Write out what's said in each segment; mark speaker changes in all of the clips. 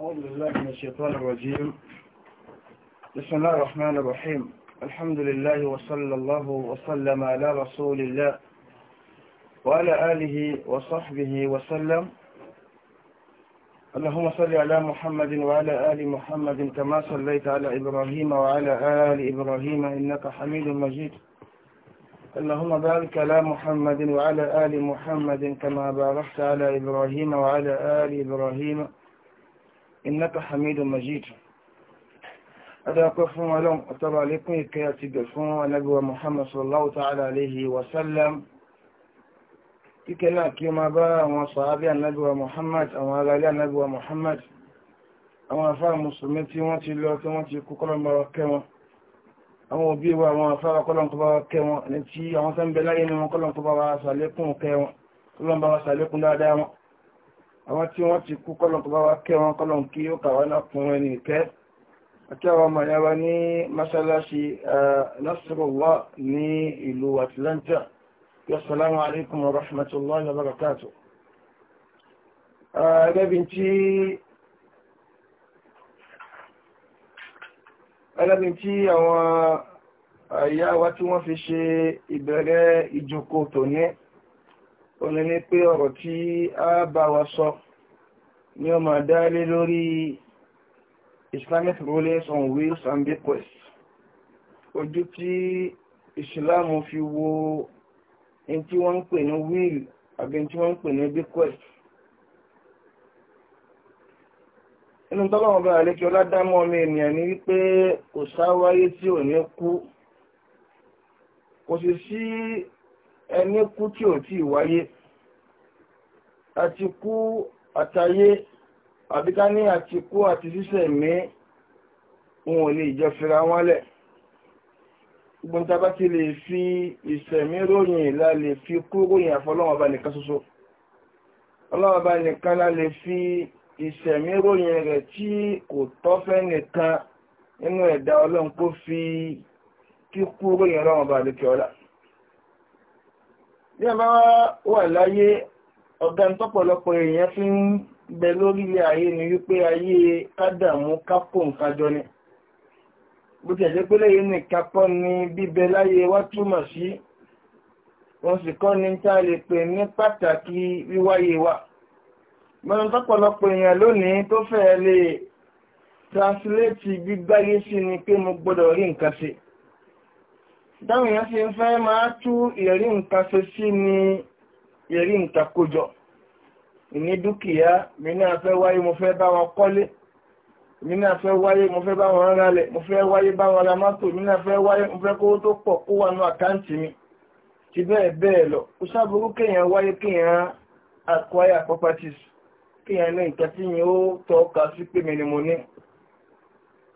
Speaker 1: أعوذ بالله من الشيطان الرجيم بسم الله الرحمن الرحيم الحمد لله وصلى الله وسلم على رسول الله وعلى آله وصحبه وسلم اللهم صل على محمد وعلى آل محمد كما صليت على إبراهيم وعلى آل إبراهيم إنك حميد مجيد اللهم بارك على محمد وعلى آل محمد كما باركت على إبراهيم وعلى آل إبراهيم innaka hamidun majid adápẹ́ fún ọlọ́run ọ̀tọ́rọ̀ alékún ìkẹ́ àti ibẹ̀ fún anábíwa muhammad sallallahu ta'ala aléhi wasallam kíkẹ́ náà kí o máa bá àwọn sàábí anábíwa muhammad àwọn aráalé anábíwa muhammad àwọn afárá musulmi tí wọ́n ti lọ tí wọ́n ti kú kọ́lọ̀mọ́rọ̀ kẹ́ wọn àwọn òbí wa wọn àwọn tí wọ́n ti kú kọ́lọ̀ tó bá wá kẹ́ wọn kọ́lọ̀ kí ó kà wá náà fún ẹni ìkẹ́ àti àwọn ọmọ ìyá wa ní mọ́ṣáláṣí Nasrullah ní ìlú Atlanta assalamu alaikum wa rahmatullahi wa barakatuh gẹ́bí tí ẹlẹ́bí tí àwọn ìyá wa tí wọ́n fi òní ní pé ọ̀rọ̀ tí a bá wa sọ ni ó máa dá lé lórí islamic rulings on wills and bequests ojú tí ìsìláàmù fi wo in tí wọ́n ń pè ní will àbí in tí wọ́n ń pè ní bequest inú tọ́lọ́wọ́n bá àlékí ọládámọ́ ọmọ ènìyàn ní wípé kò sáwáyé tí ò ní kú kò sì sí ẹni kú tí ò tí wáyé àti kú àtayé àbíká ní àti kú àti sísẹ̀ mí wọn ò lè jọ fira wọn lẹ̀ gbọ́n tá bá ti lè fi ìsẹ̀mí ròyìn la lè fi kú ròyìn àfọlọ́wọ́n bá nìkan ṣoṣo ọlọ́wọ́n bá nìkan la lè fi ìsẹ̀mí ròyìn rẹ̀ tí kò tọ́ fẹ́ nìkan nínú ẹ̀dá ọlọ́run kó fi kíkú ròyìn ọlọ́wọ́n bá nìkan ọ̀la bí a bá wà láyé ọ̀gá tọ́pọ̀lọpọ̀ èèyàn fi ń bẹ lórí ilé ayé ni wípé ayé kádàmú kápò nkájọ ni bó ti ẹ̀jẹ́ pélé yìí nìkan kọ́ ni bíbẹ láyé wá túmọ̀ sí wọn sì kọ́ ni tá a lè pè ní pàtàkì wíwáyé wa mọ́nà tọ́pọ̀lọpọ̀ èèyàn lónìí tó fẹ́ lè translate gbígbáyé sí ni pé mo gbọ́dọ̀ rí nǹkan ṣe dáwọn èèyàn fi ń fẹ́ máa tú ìrí nǹkan ṣe sí ni ìrí nǹkan kójọ ìní dúkìá mi náà fẹ́ wáyé mo fẹ́ bá wọn kọ́lé mi náà fẹ́ wáyé mo fẹ́ bá wọn rálẹ̀ mo fẹ́ wáyé bá wọn ra mọ́tò mi náà fẹ́ wáyé mo fẹ́ kówó tó pọ̀ kó wà ní àkáǹtì mi ti bẹ́ẹ̀ bẹ́ẹ̀ lọ kò sáburú kéèyàn wáyé kéèyàn acquire properties kéèyàn ní nǹkan ó tọ́ka sí pé mi mo ní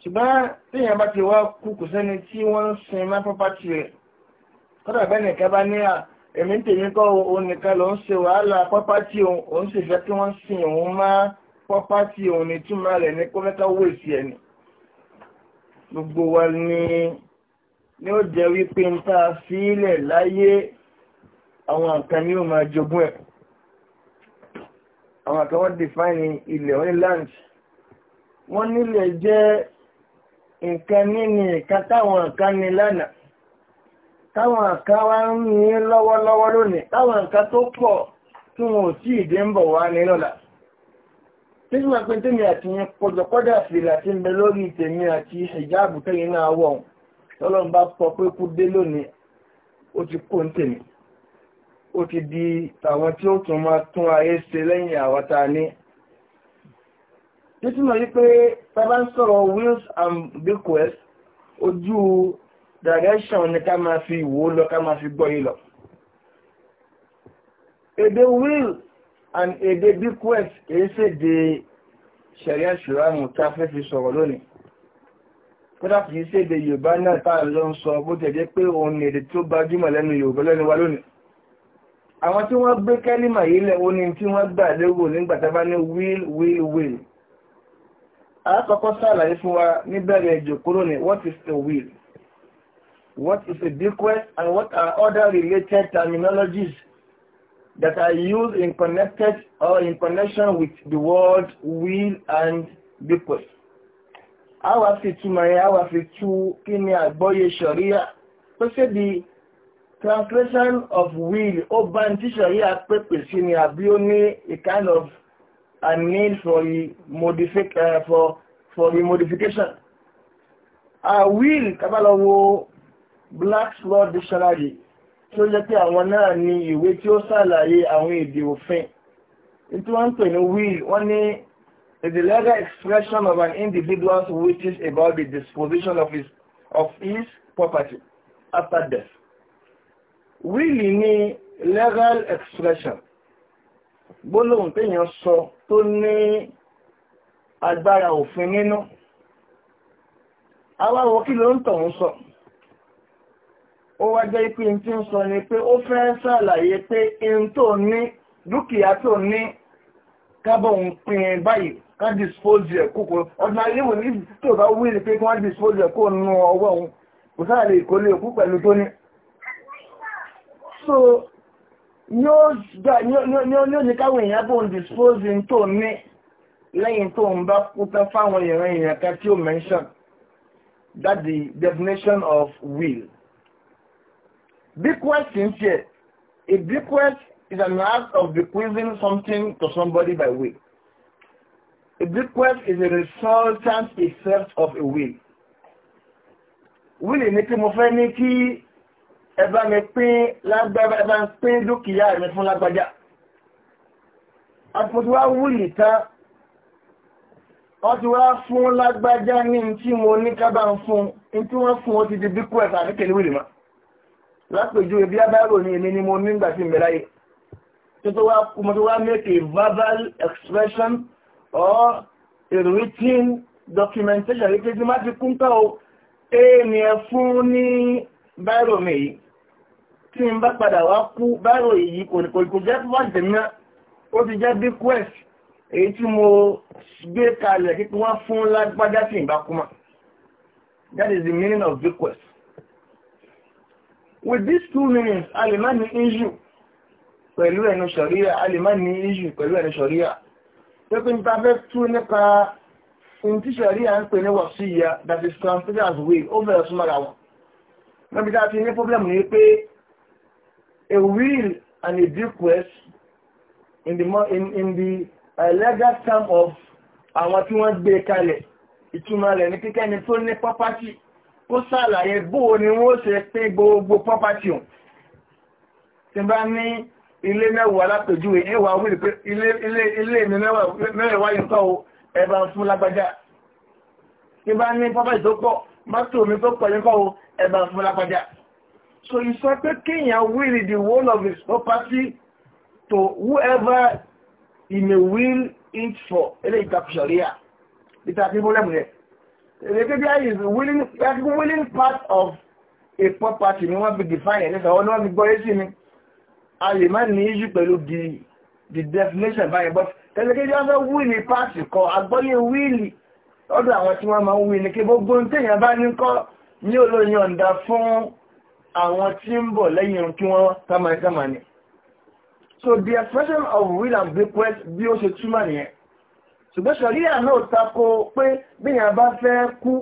Speaker 1: ṣùgbọ́n tí èèyàn bá ti wá kú kò sẹ́ni tí wọ́n ń sin má pọ́pátì rẹ̀ kọ́dà bẹ́ẹ̀ nìkan bá ní à èmi tèmi kọ́ òun nìkan ló ń ṣe wàhálà pọ́pátì òun òun sì fẹ́ kí wọ́n sin òun má pọ́pátì òun ní túmọ̀ rẹ̀ ní kó mẹ́ta owó èsì ẹ̀ ni. gbogbo wa ni ni ó jẹ́ wípé ń tá a láyé àwọn nǹkan ni ó máa jogún ẹ̀ àwọn àkàwọ́ define ilẹ̀ wọ́n ní land wọ́n nílẹ̀ jẹ́ nǹkan níní nǹkan táwọn nǹkan ní lánàá táwọn nǹkan wá ń ní lọ́wọ́lọ́wọ́ lónìí táwọn nǹkan tó pọ̀ tí wọn ò tí ìdí ń bọ̀ wá ní lọ́la títí máa pín tèmi àti yẹn kọjọkọjà fìlà tí ń bẹ lórí tèmi àti ìjáàbù tẹ́yìn náà wọ̀ tọ́lọ́n bá pọ̀ pé kú dé lónìí ó ti kó ń tèmi ó ti di tàwọn tí ó tún máa tún ayé ṣe lẹ́yìn àwátá ní nítúmọ̀ wípé bàbá ń sọ̀rọ̀ wills and bequests ojú direction ni ká máa fi wò ó lọ ká máa fi gbọ́ yìí èdè will and èdè bequest kìí ṣèdè ṣẹ̀ríà ṣùgbọ́n tá a fẹ́ fi sọ̀rọ̀ lónìí kódà kìí ṣèdè yorùbá náà tá à ń lọ ń sọ bó tẹ̀ jẹ́ pé òun ni èdè tó gbajúmọ̀ lẹ́nu yorùbá lẹ́nu wa lónìí àwọn tí wọ́n gbé kẹ́límà yìí lẹ̀ ó ní tí wọ́n gbà lérò nígbà tá a bá ní will will will alákọ̀ọ́kọ́ sàlàyé fún wa níbẹ̀rẹ̀ ìjòkúrò ní what is a will what is a bequest and what are other related terminologies that are used in connected or in connection with the word will and bequest. a wá fi túmọ̀ yẹn a wá fi tú kí ni àgbọ́yé ṣọ̀ríyà tó ṣe di translation of will ó bá ń tí ṣọ̀ríyà pèpè sí ni àbí ó ní a kind of a need for the modific, uh, for, for the modification. A will tabalawo Black's Law Dictionary tí ó jẹ́ pé àwọn náà ni ìwé tí ó ṣàlàyé àwọn èdè òfin. Tí wọ́n pè ní will, wọ́n ní is the legal expression of an individual's wishes about the disposition of his, of his property after death. Will ni legal expression. Gbólóhùn téèyàn sọ tó ní agbára òfin nínú awáwọ kí ló ń tọ̀ ń sọ ó wá jẹ́ pé tí ń sọ ni pé ó fẹ́ ṣàlàyé pé in tó ní dúkìá tó ní kábọ̀ ń pin báyìí ká dispose ẹ̀ kókò ọdún ayéwò ní tí ò bá wí ni pé kí wọ́n dispose ẹ̀ kó nu ọwọ́ òun kò sáà lè kó lè kú pẹ̀lú tó ní. so yóò ní káwọn èèyàn tó ń dispose in tó ní lẹ́yìn tó ń bá kúta fáwọn èèyàn èèyàn kan tí ó mention that the definition of will bequest in here a bequest is an act of bequeathing something to somebody by will a bequest is a resultant effect of a will will ni kí mo fẹ́ ní kí ẹ bá mi pín lágbàbá ẹ bá ń pín dúkìá mi fún lágbàjá àpòtíwá wùlì tán wọ́n ti wá fún lágbàjá ní tí mo ní kábà ń fún ní tí wọ́n fún ó ti di bíkú ẹ̀fà níkẹ̀lé wùlì mọ́ lápèjú ibi abáyọ̀ ní èmi ni mo ní ìgbà sí ìmẹ̀láyé tó tó wá mo tó wá make a verbal expression or a written documentation wípé tí má ti kúńtà o èèyàn fún ní báyọ̀ mi yìí tí n bá padà wá kú báyìí èyí kò ní kò jẹ́ fún wáṣẹ̀ náà ó ti jẹ́ bí quest èyí tí mo gbé kalẹ̀ kí wọ́n fún lágbájá sí ìbákúmọ̀ that is the meaning of big with these two meanings a lè má ní issue pẹ̀lú ẹnu ṣọ̀ríyà a lè pẹ̀lú ẹnu ṣọ̀ríyà pé pé nípa fẹ́ tú nípa ohun tí ṣọ̀ríyà ń pè ní wọ̀síyà that is translated as way over bẹ̀rẹ̀ súnmọ́ra wọn níbi tá a ti ní problem ní pé a will and a bequest in the, in, in the uh, legal term of àwọn tí wọ́n gbé kalẹ̀ ìtumọ̀ rẹ̀ ní kíkẹ́ ni tó ní property ó sàlàyé bóò ni wọ́n ṣe pín gbogbo property hùn tí bá ní ilé mẹ́wàá lápèjúwe ẹwà wílì pé ilé mi mẹ́wàá yìí kọ́ ẹbà fún lágbájá tí bá ní property tó pọ̀ mọ́tò mi tó pọ̀ yìí kọ́ ẹbà fún lágbájá So you said that Kenya will the whole of his property to whoever he may will it for. Ele itapsharia. Ita problem here. Elekebia is willing, that willing part of a property ni wọ́n be define ẹ̀lẹ́sà wọ́n ni wọ́n fi gbọ́ yé sí ni a lè má ní issue pẹ̀lú the the definition báyìí but tẹ́lẹ̀kẹ́jọ́ fẹ́ wíìlì pàṣẹ kọ àgbọ́yé wíìlì ọdún àwọn tí wọ́n máa ń wíìlì kí gbogbo ń tèèyàn bá ní kọ́ ní olóyìn ọ̀ǹda fún àwọn tí ń bọ̀ lẹ́yìn kí wọ́n tamani ni so the expression of will and bequest bí ó ṣe túmọ̀ nìyẹn ṣùgbọ́n ṣàríyà náà tako pé bíyàn bá fẹ́ kú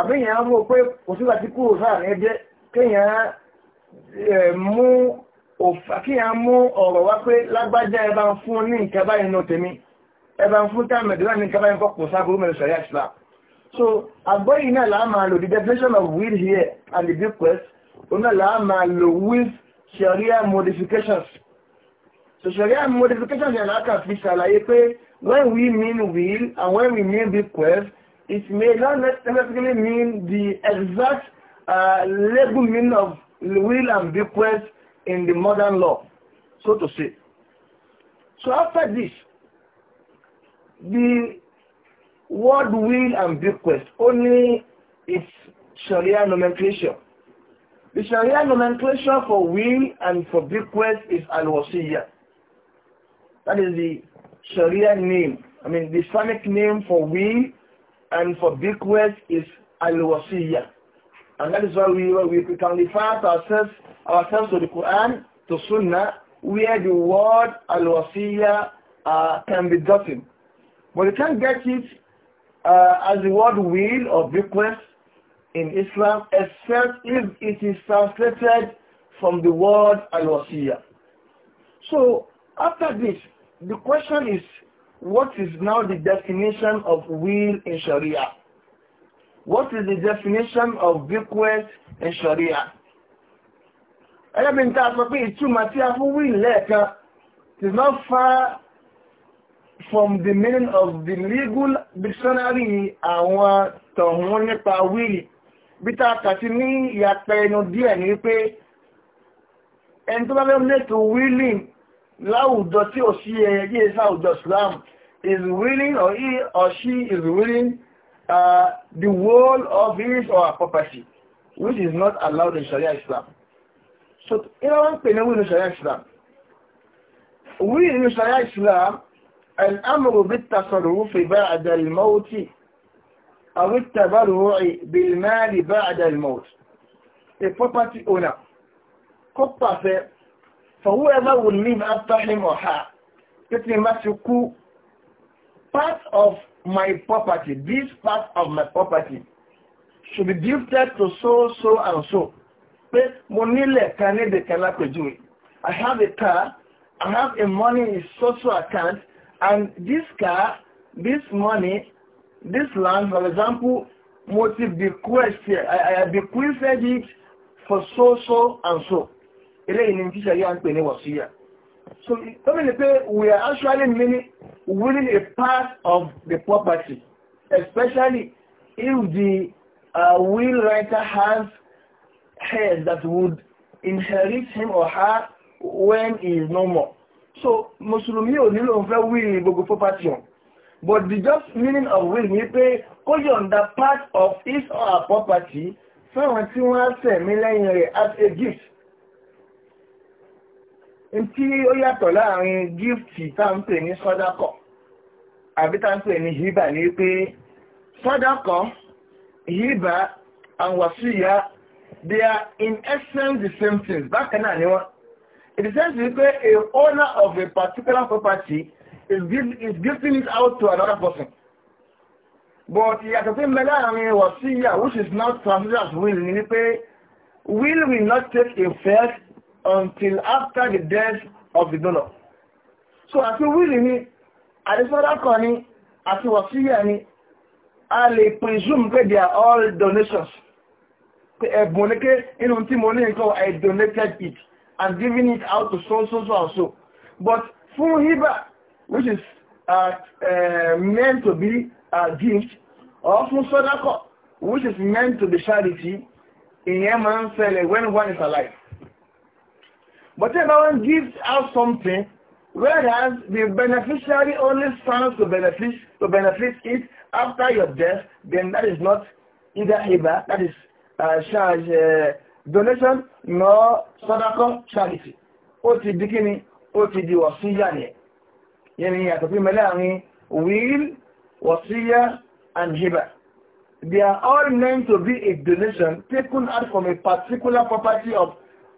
Speaker 1: àbíyàn á rò pé kò sígbà tí kúrò sáà ní ẹjẹ́ kéèyàn mú ọ̀rọ̀ wá pé lágbájá ẹ bá ń fún ní nǹkan báyìí nù tèmi ẹ bá ń fún táàmẹ̀dúrà ní nǹkan báyìí kọ́kùn sáà gómìnà ṣàríyà Islam so àgbọ́yìn náà láàmà lò the definition of will here and the bequest ọ̀nà làá máa lò with sharia modifications so sharia modifications yẹn láàkà fi ṣàlàyé pé when we mean will and when we mean bequest it may not necessarily mean the exact uh, legal meaning of will and bequest in the modern law so to say so after this the word will and bequest only its sharia nomenclature The Sharia nomenclature for will and for bequest is al-wasiyya. That is the Sharia name. I mean, the Islamic name for will and for bequest is al-wasiyya. And that is why we, we can refer to ourselves, ourselves to the Quran, to Sunnah, where the word al-wasiyya uh, can be gotten. But you can't get it uh, as the word will or bequest in Islam except if it is translated from the word al wasiya So after this, the question is, what is now the definition of will in Sharia? What is the definition of bequest in Sharia? Ẹlẹ́bìn tá a sọ pé ìtumọ̀ tí a fún will lẹ́ẹ̀kan is not far from the meaning of the legal dictionary àwọn tọ̀hún nípa will bíta kàti ní ìyàpẹ̀ ẹnu díẹ̀ ní pé ẹni tó bá fẹ́ mẹ́tò willing láwùjọ tí ò sí ẹyẹ yíè e sáwùjọ Islam is willing or he or she is willing uh, the world of his or her property which is not allowed in Sharia Islam so iná wọ́n ń pè ní wíìlì Sharia Islam wíìlì Sharia Islam al-amru bit-tasarrufi ba'da al-mawti أو التبرع بالمال بعد الموت a property owner kó فهو for whoever will live after him or her pé tí ma ti part of my property this part of my property should be gifted to so so and so pé mo nílẹ̀ kan níbi kan I have a car I have a money in social account and this car this money This land, for example, Moti bequeathed, I, I bequeathed it for so, so, and so. Eléyìí ni tíṣà yá ń pè ní wàsíyà. So, tó mìí pé we are actually meaning willing a part of the property, especially if the uh, will writer has heirs that would inherit him or her when he is no more. So, Mùsùlùmí ò nílò ń fẹ́ wíìlì gbogbo property but the just meaning of will ni pé kó yọ̀ǹda part of his or her property fáwọn tí wọ́n á sẹ̀mí lẹ́yìn rẹ̀ as a gift. n tí ó yàtọ̀ láàrin gift tá ń pè ní sọ́dákọ̀ àbí tá ń pè ní hibà ni pé sọ́dákọ̀ hibà and wàsíyà they are in essence the same things bákan náà ni wọ́n. it is said to be a owner of a particular property is, is gifting it out to another person. But ìyàtọ̀ tí mẹ́lá àrin wọ̀ sí ìyà which is not translated as will ni pé will will not take effect until after the death of the donor. So àti will ni àdísọ́dá kan ni àti wọ̀ sí ìyà ni a lè presume pé they are all donations. Ẹ̀bùn ní pé inú tí mo ní nǹkan I donated it and giving it out to so so so and so. But fún hibah which is uh, uh, meant to be a gift or fún sọ́dákọ̀ which is meant to be charity in máa ń ṣẹlẹ̀ when one is alive. But if one gives out something whereas the beneficiary only stands to benefit to benefit it after your death then that is not either hiba that is uh, charge uh, donation nor sọ́dákọ̀ charity. Ó ti di kíni ó ti di wọ̀síyà yẹn ni àtọ̀fí mẹ́lẹ́ àrin will wasiya and hiba they are all meant to be a donation taken out from a particular property of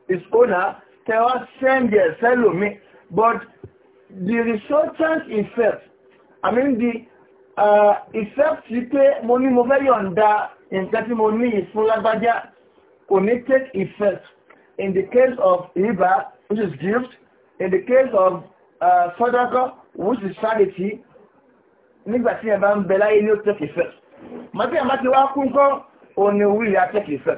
Speaker 1: its owner tẹ́wọ́ send their salome but the resultant effect i mean the uh, effect ti pé mo ní mo fẹ́ yọ̀ǹda nǹkan tí mo ní ìfún lágbájá kò ní take effect in the case of hiba which is gift in the case of uh, sadaqa òun sì sáré tí nígbà tí ẹ bá ń bẹ láyé ní ó tẹ̀kì fẹ́ màtí àbá ti wá kún kọ́ òun ni will ya tẹ̀kì fẹ́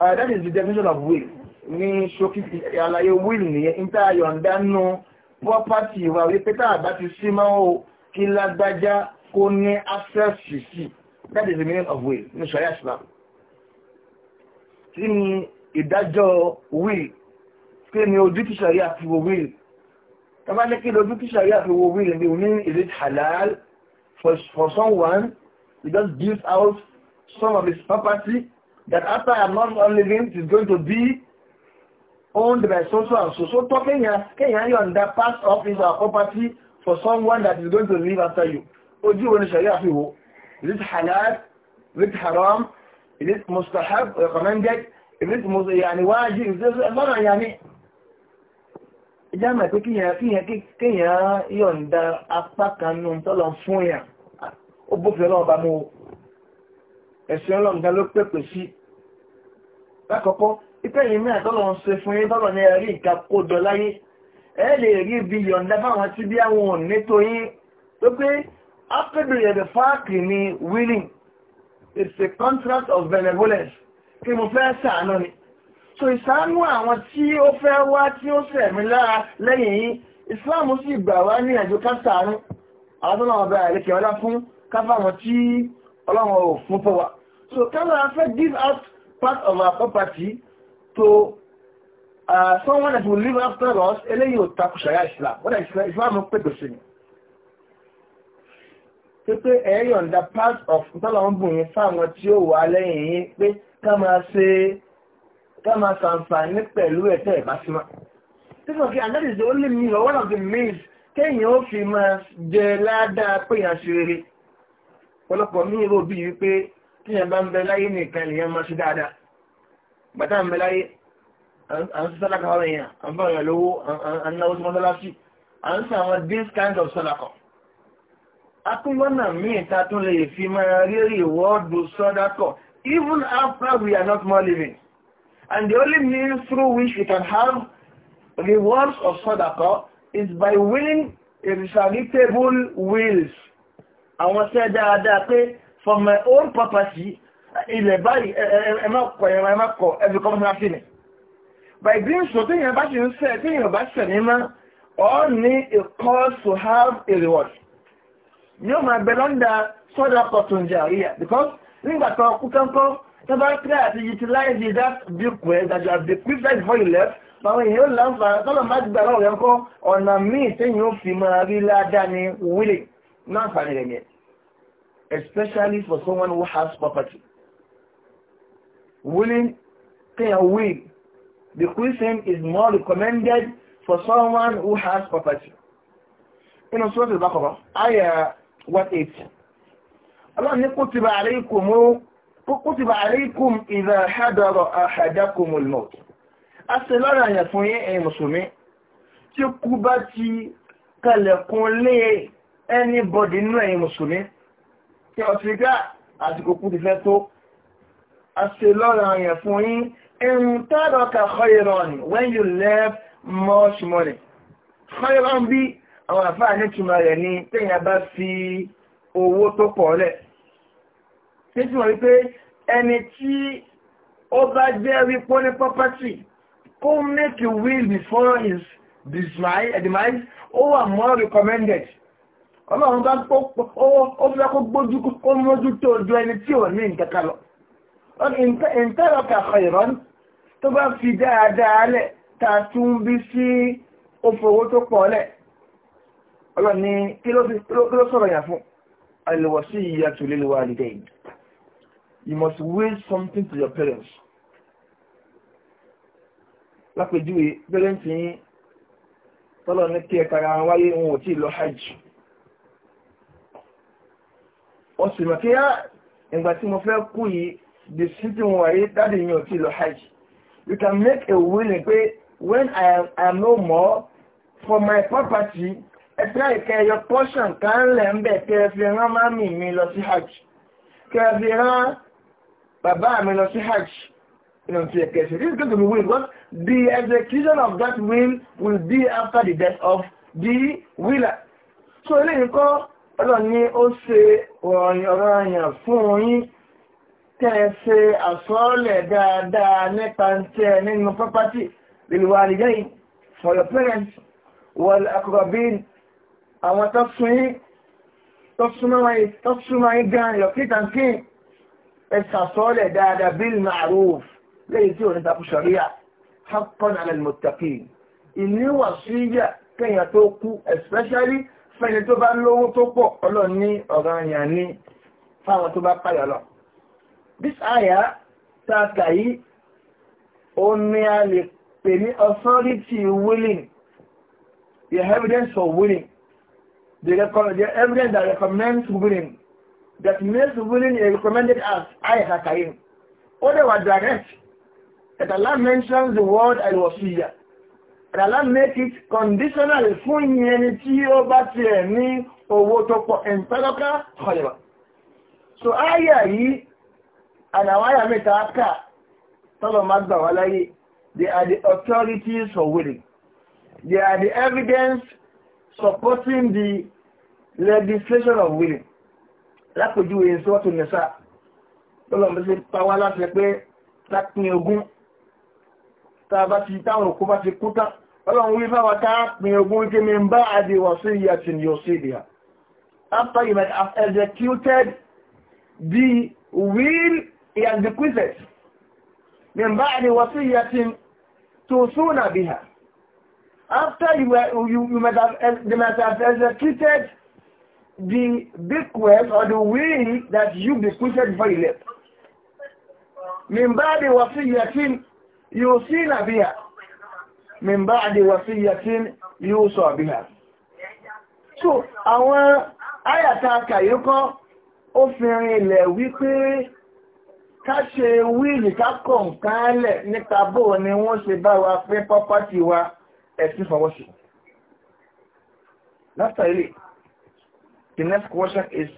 Speaker 1: uh, that is the definition of will ní ṣókí àlàyé will nìyẹn níta yọ̀ǹda nù property wa wípé tá àbá ti sí máa ó kí lágbájá kó ní access sí that is the meaning of will ní sọ̀rọ̀ Islam kí ni ìdájọ́ will kí ni ojú tíṣà yà fi wo will tàbá ní kí lójú kí ṣàrí àfiwò wílì ní oní is it halal for, for someone he just gives out some of his property that after I'm not living it is going to be owned by so so and so so tó kéèyàn kéèyàn pass off of our property for someone that is going to live after you ojú wo ni ṣàrí àfiwò is it halal is it haram is it mustahab recommended is it mustahab yani wajib is it lọ́nà yani ìjámẹ̀ pé kíyàn yọ̀nda apá kan nù tọ́lọ fún yàn ó bófin ọlọ́run bá mú o ẹ̀sìn ọlọ́run dá ló pèpè sí lákọ̀ọ́kọ́ ìpẹ́yìn mẹ́rin tọ́lọ ń ṣe fún yín tọ́lọ ní ẹ̀rí ìka kó dọ láyé ẹ lè rí ibi yọ̀nda fáwọn tí bí àwọn ò ní tó yín tó pé afẹ́bìrì ẹ̀dẹ̀ fáàkì ni willing it's a contract of benevolence kí mo fẹ́ sàánú ni so ìsánú àwọn tí ó fẹ́ wá tí ó sẹ̀mí lára lẹ́yìn yìí Islam sì gbà wá ní àjò kásàánú àwọn tó náà bẹ̀rẹ̀ àríkẹ̀ ọlá fún káfàwọn tí so káfàwọn fẹ́ give out part of our property to uh, someone that will live after us eléyìí ò takò ṣàyà Islam wọ́n dà Islam pè gbèsè ni pépé ẹ̀yọ̀ǹda part of ntọ́lọ́mùbùn yìí fáwọn tí ó wà lẹ́yìn yìí pé ká máa ṣe ká máa sàǹfààní pẹ̀lú ẹ̀tẹ́ ìbásímá títún kí àdáde ṣe ó lè mi lọ one of the means kéèyàn ó fi máa jẹ ládàá pé yàn ṣe rere ọ̀pọ̀lọpọ̀ mí rò bí wípé tíyàn bá ń bẹ láyé nìkan lèyàn máa ṣe dáadáa bàtà ń bẹ láyé à ń sọ́lákà ọ̀rọ̀ èèyàn à ń bá ọ̀rọ̀ lówó à ń náwó tí wọ́n lọ́lá sí à ń sọ àwọn these kinds of sọ́lákà akúnlọ́nà míì ta tún lè fi máa rí reward sọ́dákọ̀ even after we are not more living And the only means through which we can have rewards of sadaqah is by winning irresolutable wills. Àwọn ṣe dáadáa pé for my own property, ilẹ̀ báyìí ẹmọ́kọ̀ ẹmọ́kọ̀ every commercial thing. By doing so, tí èèyàn bá ṣe ń sẹ́, tí èèyàn bá ṣẹ̀ nímá, all need a cause to have a reward. Yóò máa bẹ lọ́ndà sọ́dọ̀ ọkọ̀ tó ń jẹ àríyà because nígbà tó kú tán kọ́ tó bá ń try àti utilize that bequest that you have bequeathed right before you left àwọn èèyàn láǹfààní tọ́lọ̀ má gbà lọ́wọ́ yẹn kọ́ ọ̀nà míì tẹ́yìn ó fi máa rí ládàá ní wílì láǹfààní rẹ̀ yẹn especially for someone who has property willing tẹ́yìn will bequeathing is more recommended for someone who has property You inú sọ́ọ̀tì bákọ̀ọ́ ayà 180 ọlọ́run ní kó ti bá àríkò mú kutiba alaykum idha hadara ahadakumul maut a ṣe lára àyàn fún yín ẹ̀yin mùsùlùmí tí kú bá ti kalẹ̀kùn lé anybody nínú ẹ̀yin mùsùlùmí tí ọ̀tíríkà ah, àsìkò kú ti fẹ́ tó a ṣe lára àyàn fún yín in taraka khayran when you left much money khayran bí àwọn àfáà ní túnmọ̀ rẹ̀ ni tẹ́yìn bá fi owó tó pọ̀ lẹ̀ títí wọ́n wípé ẹni tí ó bá jẹ́ wípó ní property kó make a will before his demise ó wà more recommended ọlọ́run bá ó fẹ́ kó gbójú kó mójú tó ojú ẹni tí ò ní nǹkan kan lọ ìntẹ́lọ́kà ọ̀yọ̀rọ̀ tó bá fi dáadáa lẹ̀ ta tún bí sí òfòwò tó pọ̀ lẹ̀ ọlọ́ni kí ló sọ̀rọ̀ yà fún àlèwọ̀sí ìyàtò lè wà nìdẹ́yìn you must will something to your parents. lápèjúwe pẹ́rẹ́ǹtì yín tọ́lọ̀ ní kí ẹ̀ka ara wáyé wọn ò tí ì lọ hajj. wọ́n sì mọ̀ kí á ìgbà tí mo fẹ́ kú yìí the city wọn wáyé dáàdì yín ò tí lọ hajj. you can make a willing pé when I am, I am no more for my property ẹ try kẹ ẹyọ portion kan lẹ̀ ń bẹ̀ kẹ ẹ fi rán mami mi lọ sí hajj kẹ ẹ fi rán bàbá mi lọ sí hajj you know, to your case. This is going to be will, but the execution of that win will be after the death of the willer. So eléyìí kọ́ ọlọ́run ni ó ṣe ọ̀rọ̀ àyàn fún yín tẹ́ ẹ ṣe àsọ́ọ́lẹ̀ dáadáa nípa ń tẹ́ nínú property lil walidayn for your parents wal aqrabin àwọn tó sún yín tó súnmọ́ yín gan your kid and kin ẹ̀sàsọ́ọ̀lẹ̀ dáadáa bil ma'ruf lẹ́yìn tí ò ní takú ṣàríà haqqan 'ala al ìníwà síyà kẹ́yìn tó kú especially fẹ́ni tó bá lówó tó pọ̀ ọlọ́run ní ọ̀ràn yàn ní fáwọn tó bá pààyàn lọ. this aya tá a kà yí ní a lè pè ní authority willing the evidence for willing the evidence that recommends willing that male willing is recommended as Ayah Karim. Or oh, they were direct. That Allah mentions the word al wasiya. That Allah make it conditional fún yẹni tí ó bá ti ẹ̀ ní owó tó pọ̀ ẹ̀ntọ́lọ́ká kọlẹ̀wà. So ayà yìí, àdàwọn ayà mẹ́ta kà tọ́lọ̀ má gbà wá láyé. They are the authorities for willing. They are the evidence supporting the legislation of willing lápèjúwe sọ́ọ̀tù nìsà lọ́lọ́mọ sí pawá láti pé lápin ogún tá ti táwọn òkú bá ti kú tán ọlọ́run wí fáwọn tá a pin mi ń bá àdìwọ̀ sí ìyá tì ní òsì ìdíyà after you have executed the will he has bequeathed mi ń bá àdìwọ̀ sí ìyá tì tó súnà bí ha after you, were, you, you might have, they might have executed the bequest or the will that you bequeathed before you left. من بعد وصية يوصينا بها من بعد وصية يوصى بها. So, àwọn ayàtàkà yíkọ́, ó fi rin ilẹ̀ wípé ká ṣe wíìlì ká kọ̀ nǹkan lẹ̀ nípa bó ni wọ́n ṣe bá wa pín pọ́pátì wa ẹ̀sìn fọwọ́sí. Látàrí The next question is,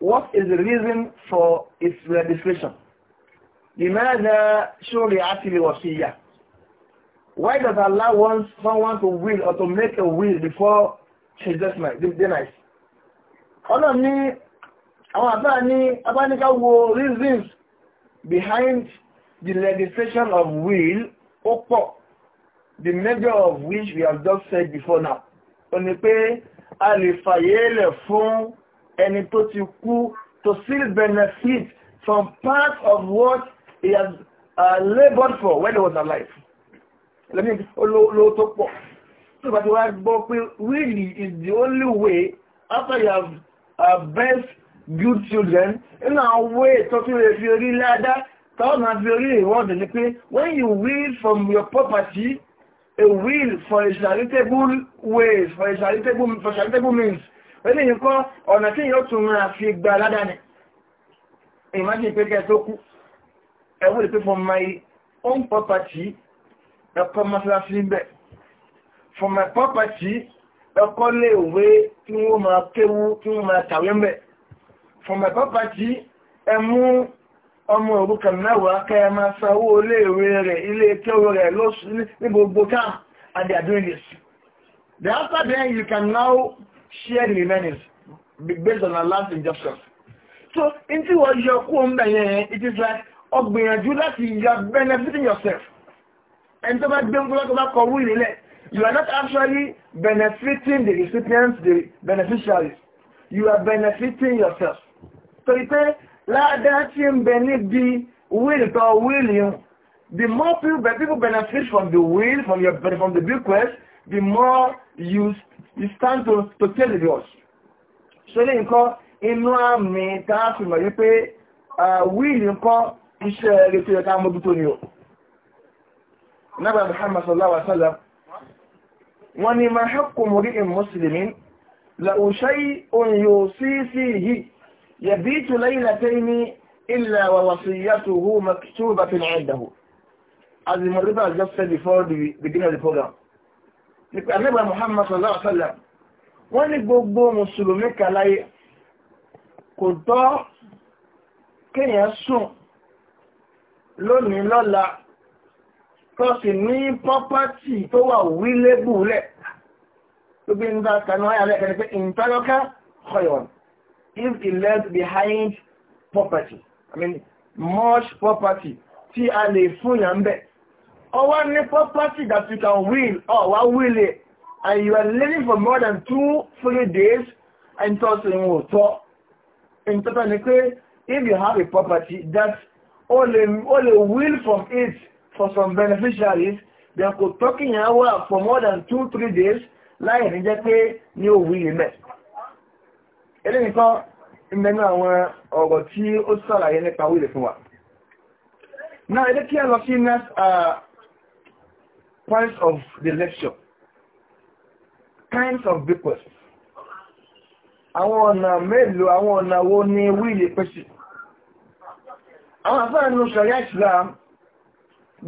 Speaker 1: what is the reason for its legislation? لماذا شرعت الوصية? Why does Allah want someone to will or to make a will before his death night? Ọlọ́ ní àwọn àbá ní abáníká wo reasons behind the legislation of will ó pọ̀, the measure of which we have just said before now. Ó ní pé a lè fàyẹ́lẹ̀ fún ẹni tó ti kú to still benefit from part of what he has uh, labored for when he was alive. lẹ́mí olówó tó pọ̀ tó bá ti wá gbọ́ pé really is the only way after you have uh, best good children inú àwọn way tó fi lè fi orí ládá táwọn máa fi orí ìwọ́dù ni pé when you will from your property a will for a charitable ways for a charitable, for charitable means pẹ̀lú yìí kọ́ ọ̀nà tí yóò tún rán fi gba aládàáni imagine pé kẹ́ tó kú ẹwọ́ lè pé for my own property ẹ̀kọ́ mọ́sálásí bẹ̀ for my property ẹ̀kọ́ lè wé tí wọ́n máa kéwú tí wọ́n máa kàwé ń bẹ̀ for my property ẹ̀mú ọmọ òrukàn mẹ́wàá kẹ́ ẹ máa sanwó iléèwé rẹ̀ ilé kéwò rẹ̀ lóṣù ní gbogbo time and they are The after then you can now share the remains based on last injection. So in tí wọ́n yọ kú ọmọ yẹn it is like ọgbìyànjú láti you are benefiting yourself. Ẹni tó bá gbé ńkúlọ́ tó bá kọ wú ìrìnlẹ̀ you are not actually benefiting the recipients the beneficiaries you are benefiting yourself. So you pay ládàá tí ń bẹ níbi will tọ will yẹn the more people, people benefit from the will from your from the bequest the more you you stand to to tell the yours. ṣe lè kọ́ inú àmì tá a fi mọ̀ wípé will nǹkan iṣẹ́ rẹ̀ tó yẹ ká mójútó ni o. Nàbà Muhammad sallallahu alaihi wasallam wọ́n ni máa haqqu muri'in muslimin la shay'un yusi fihi يبيت ليلتين إلا ووصيته مكتوبة عنده as the Mariba just said before the beginning of the program nípa àlẹ́bà Muhammad sallallahu alaihi wasallam wọ́n ní gbogbo mùsùlùmí kàláyé kò tọ́ kéèyàn sùn lónìí lọ́la tó sì ní pọ́pátì tó wà wílébùlẹ̀ gbogbo ìgbà kanú ayàlẹ́ kẹ́ni pé ìntánọ́ká kọ̀yọ̀nù if he left behind property i mean much property tí a lè fún yàn ń bẹ̀ ó wá ní property that you can will or wá will it and you are living for more than two three days and tó sì ń wò tọ́ in ni pé if you have a property that ó lè ó lè will from it for some beneficiaries then kò tọ́kì yàn wà for more than two three days láì ní jẹ́ pé ní òwúlé mẹ́ta eléyìí kan ìmẹ́nu àwọn ọ̀rọ̀ tí ó sàlàyé nípa wílẹ̀ fún wa náà ilé kí ẹ lọ sí next uh, point of the lecture kinds of bequest àwọn ọ̀nà mélòó àwọn ọ̀nà wo ni wílì pèsè àwọn àfáà nínú sọ̀rí Islam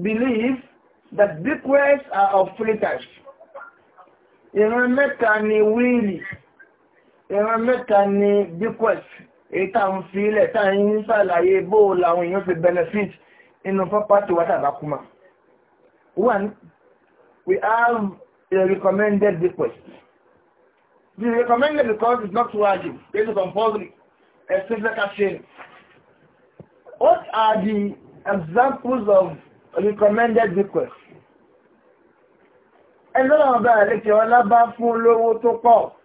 Speaker 1: believe that bequests are of three types ìran mẹ́ta ni wílì ìran mẹ́ta ni bequest èyí tá fi ilẹ̀ tá ní sàlàyé bó làwọn èèyàn fi benefit inú property wa tàbá kú one we have a recommended bequest the recommended because it's not wajib it is compulsory except like a shame. What are the examples of recommended bequest? Ẹgbẹ́ ọ̀gá àlejò ọlá fún olówó tó pọ̀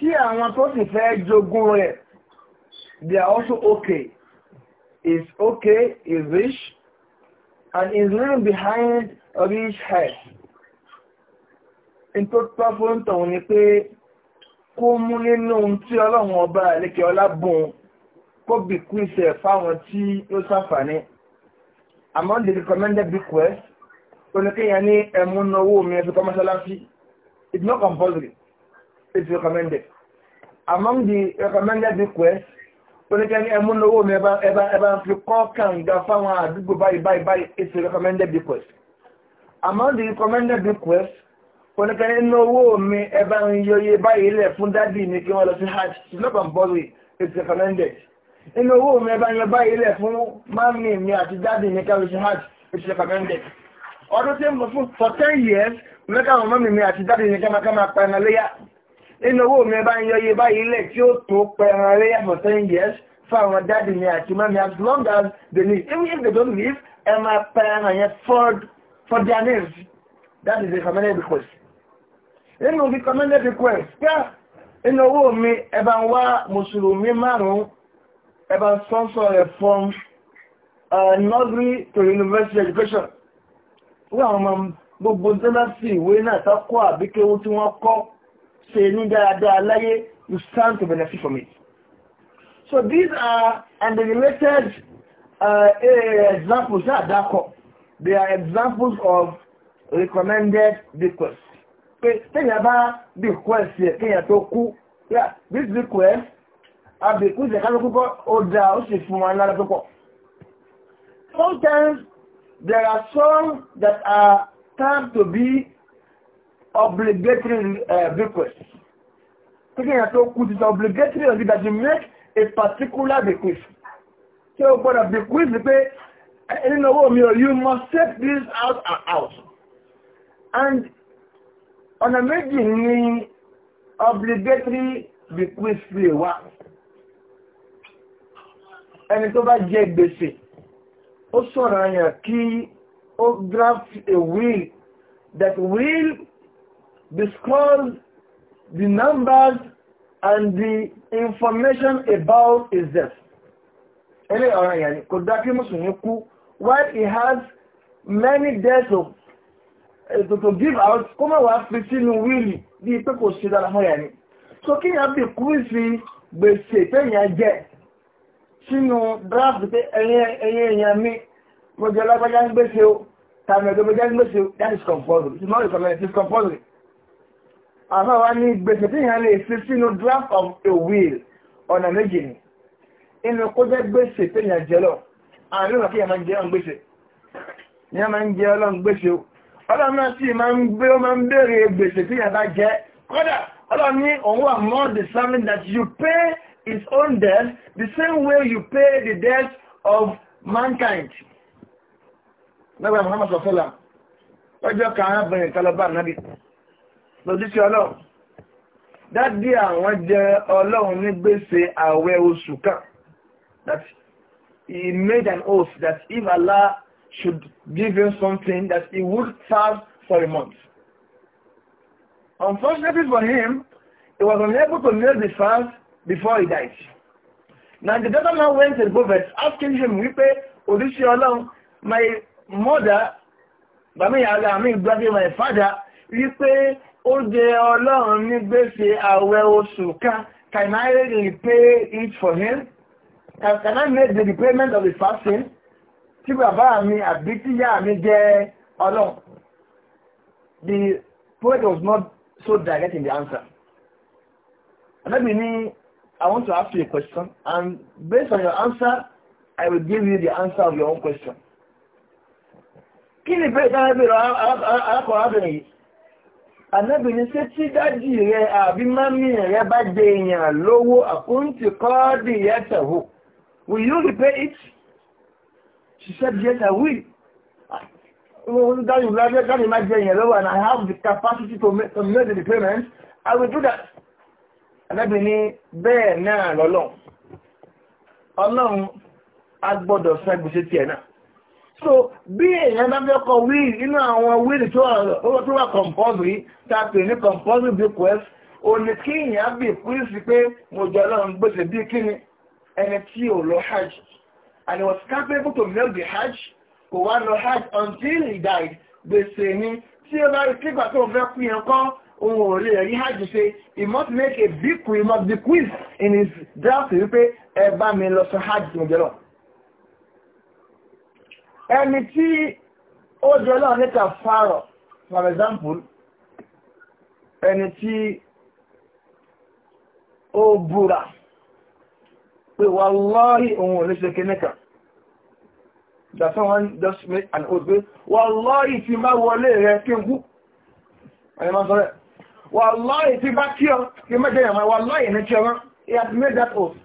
Speaker 1: tí àwọn tó sì fẹ́ jogún rẹ̀ they are also okay is okay is rich and is living behind a rich head in tó tọ́ fún tọ̀hún ni pé kó mú nínú tí ọlọ́run ọba àlékè ọlábùn kó bí kú ìṣẹ̀ fáwọn tí ó sàǹfààní among the recommended bequest oníkéyàn ní ẹ̀mú náwó mi ẹ̀fẹ́ kọ́mọ́sálásí it's not compulsory is recommended. Among the recommended requests, oníkẹ́ni ẹmú lówó mi ẹba ń fi kọ́ kànga fáwọn àdúgbò báyìí báyìí báyìí is recommended request. Among the recommended requests, oníkẹ́ni lówó mi ẹba ń yọye báyìí lẹ̀ fún dádì mi kí wọ́n lọ sí hajj to not compulsory is recommended. Inú owó mi ẹba ń yọ báyìí lẹ̀ fún mami mi àti dádì mi kí wọ́n lọ sí hajj is recommended. Ọdún tí mo fún for ten years, mẹ́ta àwọn mami mi àti dádì mi kí wọ́n máa pa ẹ̀nà léyà nínú owó mi bá ń yọye báyìí lẹ̀ tí ó tó pẹran rẹ̀ for ten years fáwọn dáàdì mi àti mami as long as they live even if they don't live ẹ máa pẹran yẹn for their names that is a recommended request nínú recommended request yeah nínú owó mi ẹ bá ń wá mùsùlùmí márùn-ún ẹ bá ń sponsor rẹ̀ from uh, nursery to university education wọ́n àwọn ọmọ gbogbo tó bá sí ìwé náà tó kọ́ àbíkéwú tí wọ́n kọ́ ṣe ní dáadáa láyé you stand to benefit from it. So these are unrelated uh, examples that are called. They are examples of recommended requests. Téèyàn bá bequest yẹ kéèyàn tó kú. This bequest, a bequest yẹ kálukú kọ́ ó da ó sì fún wa lára tó Sometimes there are some that are termed to be obligatory uh, eh, bequest. Kíkìyàn tó kú ti sọ obligatory ọ̀dí that you make a particular bequest. So for gbọ́dọ̀ bequest pé eh, nínú you know, o, you must set this out and out. And on méjì ni obligatory bequest fi wá. Ẹni tó bá jẹ gbèsè, ó sọ̀rọ̀ àyàn kí ó draft a will that will the scroll, the numbers, and the information about his death. Ele ọ̀rọ̀ ìyàní kò dá kí Mùsùlùmí kú while he has many deaths of, eh, to, to give out kó mọ̀ wá fi sínú wíìlì bí pé kò ṣe dára fún ìyàní. So kí ni a bí kú sí gbèsè téèyàn jẹ sínú draft pé ẹyẹ èèyàn mi mo jẹ lágbájá ń gbèsè o tàbí ẹgbẹ́ gbèsè o that is compulsory. It's not a comment, it's compulsory àwọn wa ní gbèsè tí ìyàn lè fi sínú draft of a will ọ̀nà méjì ni inú kó jẹ́ gbèsè tí ìyàn jẹ́ lọ àwọn ìlú kí ìyàn máa ń jẹ́ ọ̀n gbèsè ìyàn máa ń jẹ́ ọlọ́n gbèsè ọlọ́run náà sì máa ń gbé máa ń béèrè gbèsè tí ìyàn bá jẹ́ kódà ọlọ́run ní òun wà more that you pay his own debt the same way you pay the debt of mankind. lọ́gbà Muhammad sọ̀fẹ́là ọjọ́ kan arábìnrin kan lọ bá nàbì lójúṣe ọlọ́run dádì àwọn jẹ ọlọ́run ní gbèsè àwẹ̀ oṣù kan that he made an oath that if Allah should give him something that he would fast for a month. Unfortunately for him, he was unable to make the fast before he died. Now the daughter now went to the prophet asking him, wípé Odisi Ọlọ́run, my mother, Bami Aga, I mean, brother, my father, wípé ó jẹ ọlọ́run ní gbèsè àwẹ̀ oṣù kan can I repay it for him can, can I make the repayment of the fasting tí bàbá mi àbí tíyá mi jẹ ọlọ́run the poet was not so direct in the answer anabi ni I want to ask you a question and based on your answer I will give you the answer of your own question kí ni bẹ́ẹ̀ dáná bẹ́ẹ̀ arákùnrin yìí anábìnrin ṣé tí dájì rẹ àbí mami rẹ bá jẹ èèyàn lówó àkóńtì kọ́ọ̀dì yàtàwó will you repay it she said yes i will dájú lábẹ́ dájú má jẹ èèyàn lówó and i have the capacity to make, to make the repayment i will do that anábìnrin bẹ́ẹ̀ náà lọ́lọ́run ọlọ́run a gbọ́dọ̀ san gbèsè tiẹ̀ náà so bí èèyàn bá fẹ́ kọ wíìlì nínú àwọn wíìlì tó wà compulsory tàbí ní compulsory bequest o ní kí èèyàn bí pírísì pé mo jẹ ọlọ́run gbèsè bí kí ni ẹni tí ò lọ hajj and he was capable to make the hajj kò wá lọ hajj until he died gbèsè ni tí ó bá rí kígbà tó fẹ́ kú yẹn kọ́ ohun ò lè rí hajj ṣe he must make a big quiz in his draft wípé ẹ bá mi lọ sọ hajj mo jẹ ẹni tí ó jẹ́ lọ́wọ́ níta fárọ̀ for example ẹni tí ó búra pé wallahi òun ò ní ṣe that someone just made an oath pé wallahi tí bá wọlé rẹ kí n kú ẹni máa sọ rẹ̀ wallahi tí bá kí ọ kí mẹ́jẹ̀ yàmá wallahi ní kí ọ he has made that oath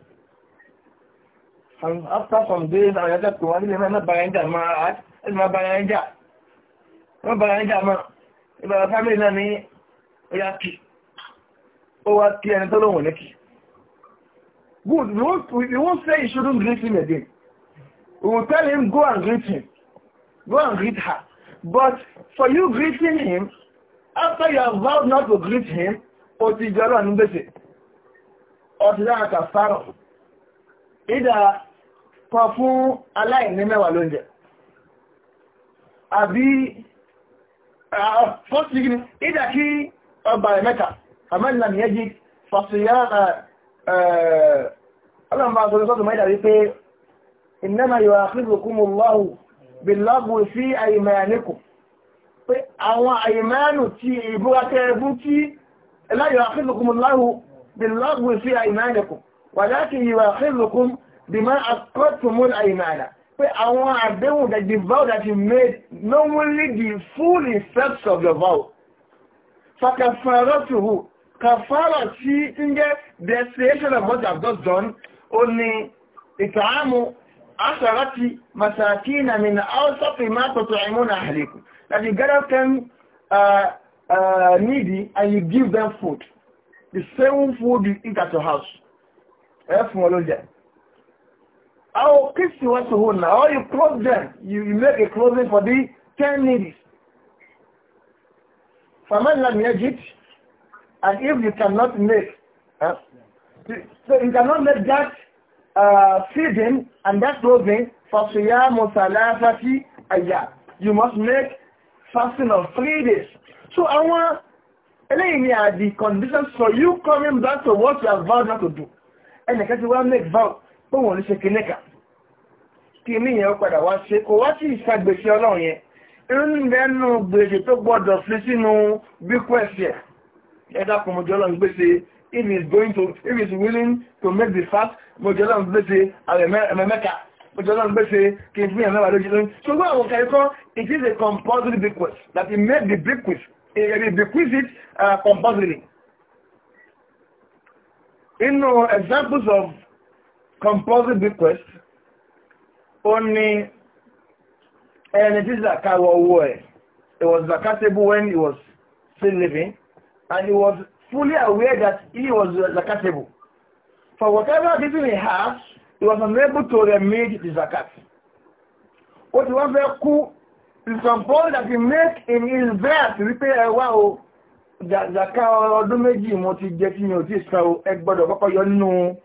Speaker 1: And after some days, àwọn ìyájọ́ pè wọ́n nílé mẹ́rin bára ẹjà máa ẹ̀sùn bára ẹjà. Wọ́n bára ẹjà máa, ìbára fámílì náà ní ọya kí. Ó wá kí ẹni tó lóhùn ní kí. Good, we won't, we won't say you shouldn't greet him again. We will tell him go and greet him. Go and greet her. But for you greeting him, after you have vowed not to greet him, ó ti jọrọ ní gbèsè. Ọ̀tí dára kà fárọ̀ kọ fún aláìní mẹ́wàá lóúnjẹ àbí fọ́sílì ní ìdá kí ọba ẹ̀mẹ́ta àmẹ́lìnà ní ẹjí fọ́sílì ọlọ́mọba sọ́rọ̀ sọ́tọ̀ mẹ́ta wípé innama yu'akhidukumullahu billaghwi fi aymanikum pé àwọn àyèmẹ́nù tí ìbúrakẹ́ ẹbú tí la yu'akhidukumullahu billaghwi fi aymanikum walakin yu'akhidukum bima aqadtumul aymana pé àwọn àdéhùn that the vow that you made normally the full effects of the vow fakafaratuhu kàfàrà tí ń jẹ́ desolation of what you have just done ó ní ìtààmù asharati masakina min awsafi ma na ahlikum that you gather them uh, uh, needy and you give them food the same food you eat at your house ẹ fún ọlọ́jẹ́ Our you want to Huna, or you close them, you, you make a closing for the 10 needs. Faman lam yajid, and if you cannot make, huh? so you cannot make that uh, feeding and that clothing for siyamu salatati ayya. You must make fasting of three days. So àwọn eléyìí ni are the conditions for you coming back to what you have vowed not to do. Ẹnìkan ti wá make vow pé wọ́n ní ṣe kìnníkà kí ní yẹn padà wá ṣe kò wá sí ìṣàgbèsè ọlọ́run yẹn ń bẹ́nu gbèsè tó gbọ́dọ̀ fi sínú bíkwẹ́sì ẹ̀ ẹ̀dá kan mọ̀jọ́ ọlọ́run gbèsè if he is going to if he is willing to make the fast mọ̀jọ́ ọlọ́run gbèsè àrẹ̀mẹ́mẹ́ka mọ̀jọ́ ọlọ́run gbèsè kí n fi hàn mẹ́wàá lójú lóyún ṣùgbọ́n àwọn kan kọ́ it is a compulsory bequest that he made the bequest he bequeathed uh, compulsory. inú examples of Composite bequest ó ní ẹni tí zaka wọ owó ẹ̀ it was zakatable when he was still living and he was fully aware that he was zakatable for whatever reason he has he was unable to remit the zakat ó ti wọ́n fẹ́ kú the compulsory that he make in his birth wípé ẹwà o zaka ọdún méjì mo ti jẹ tí mi ò ti san ẹgbọ́dọ̀ kọ́kọ́ yọ nínú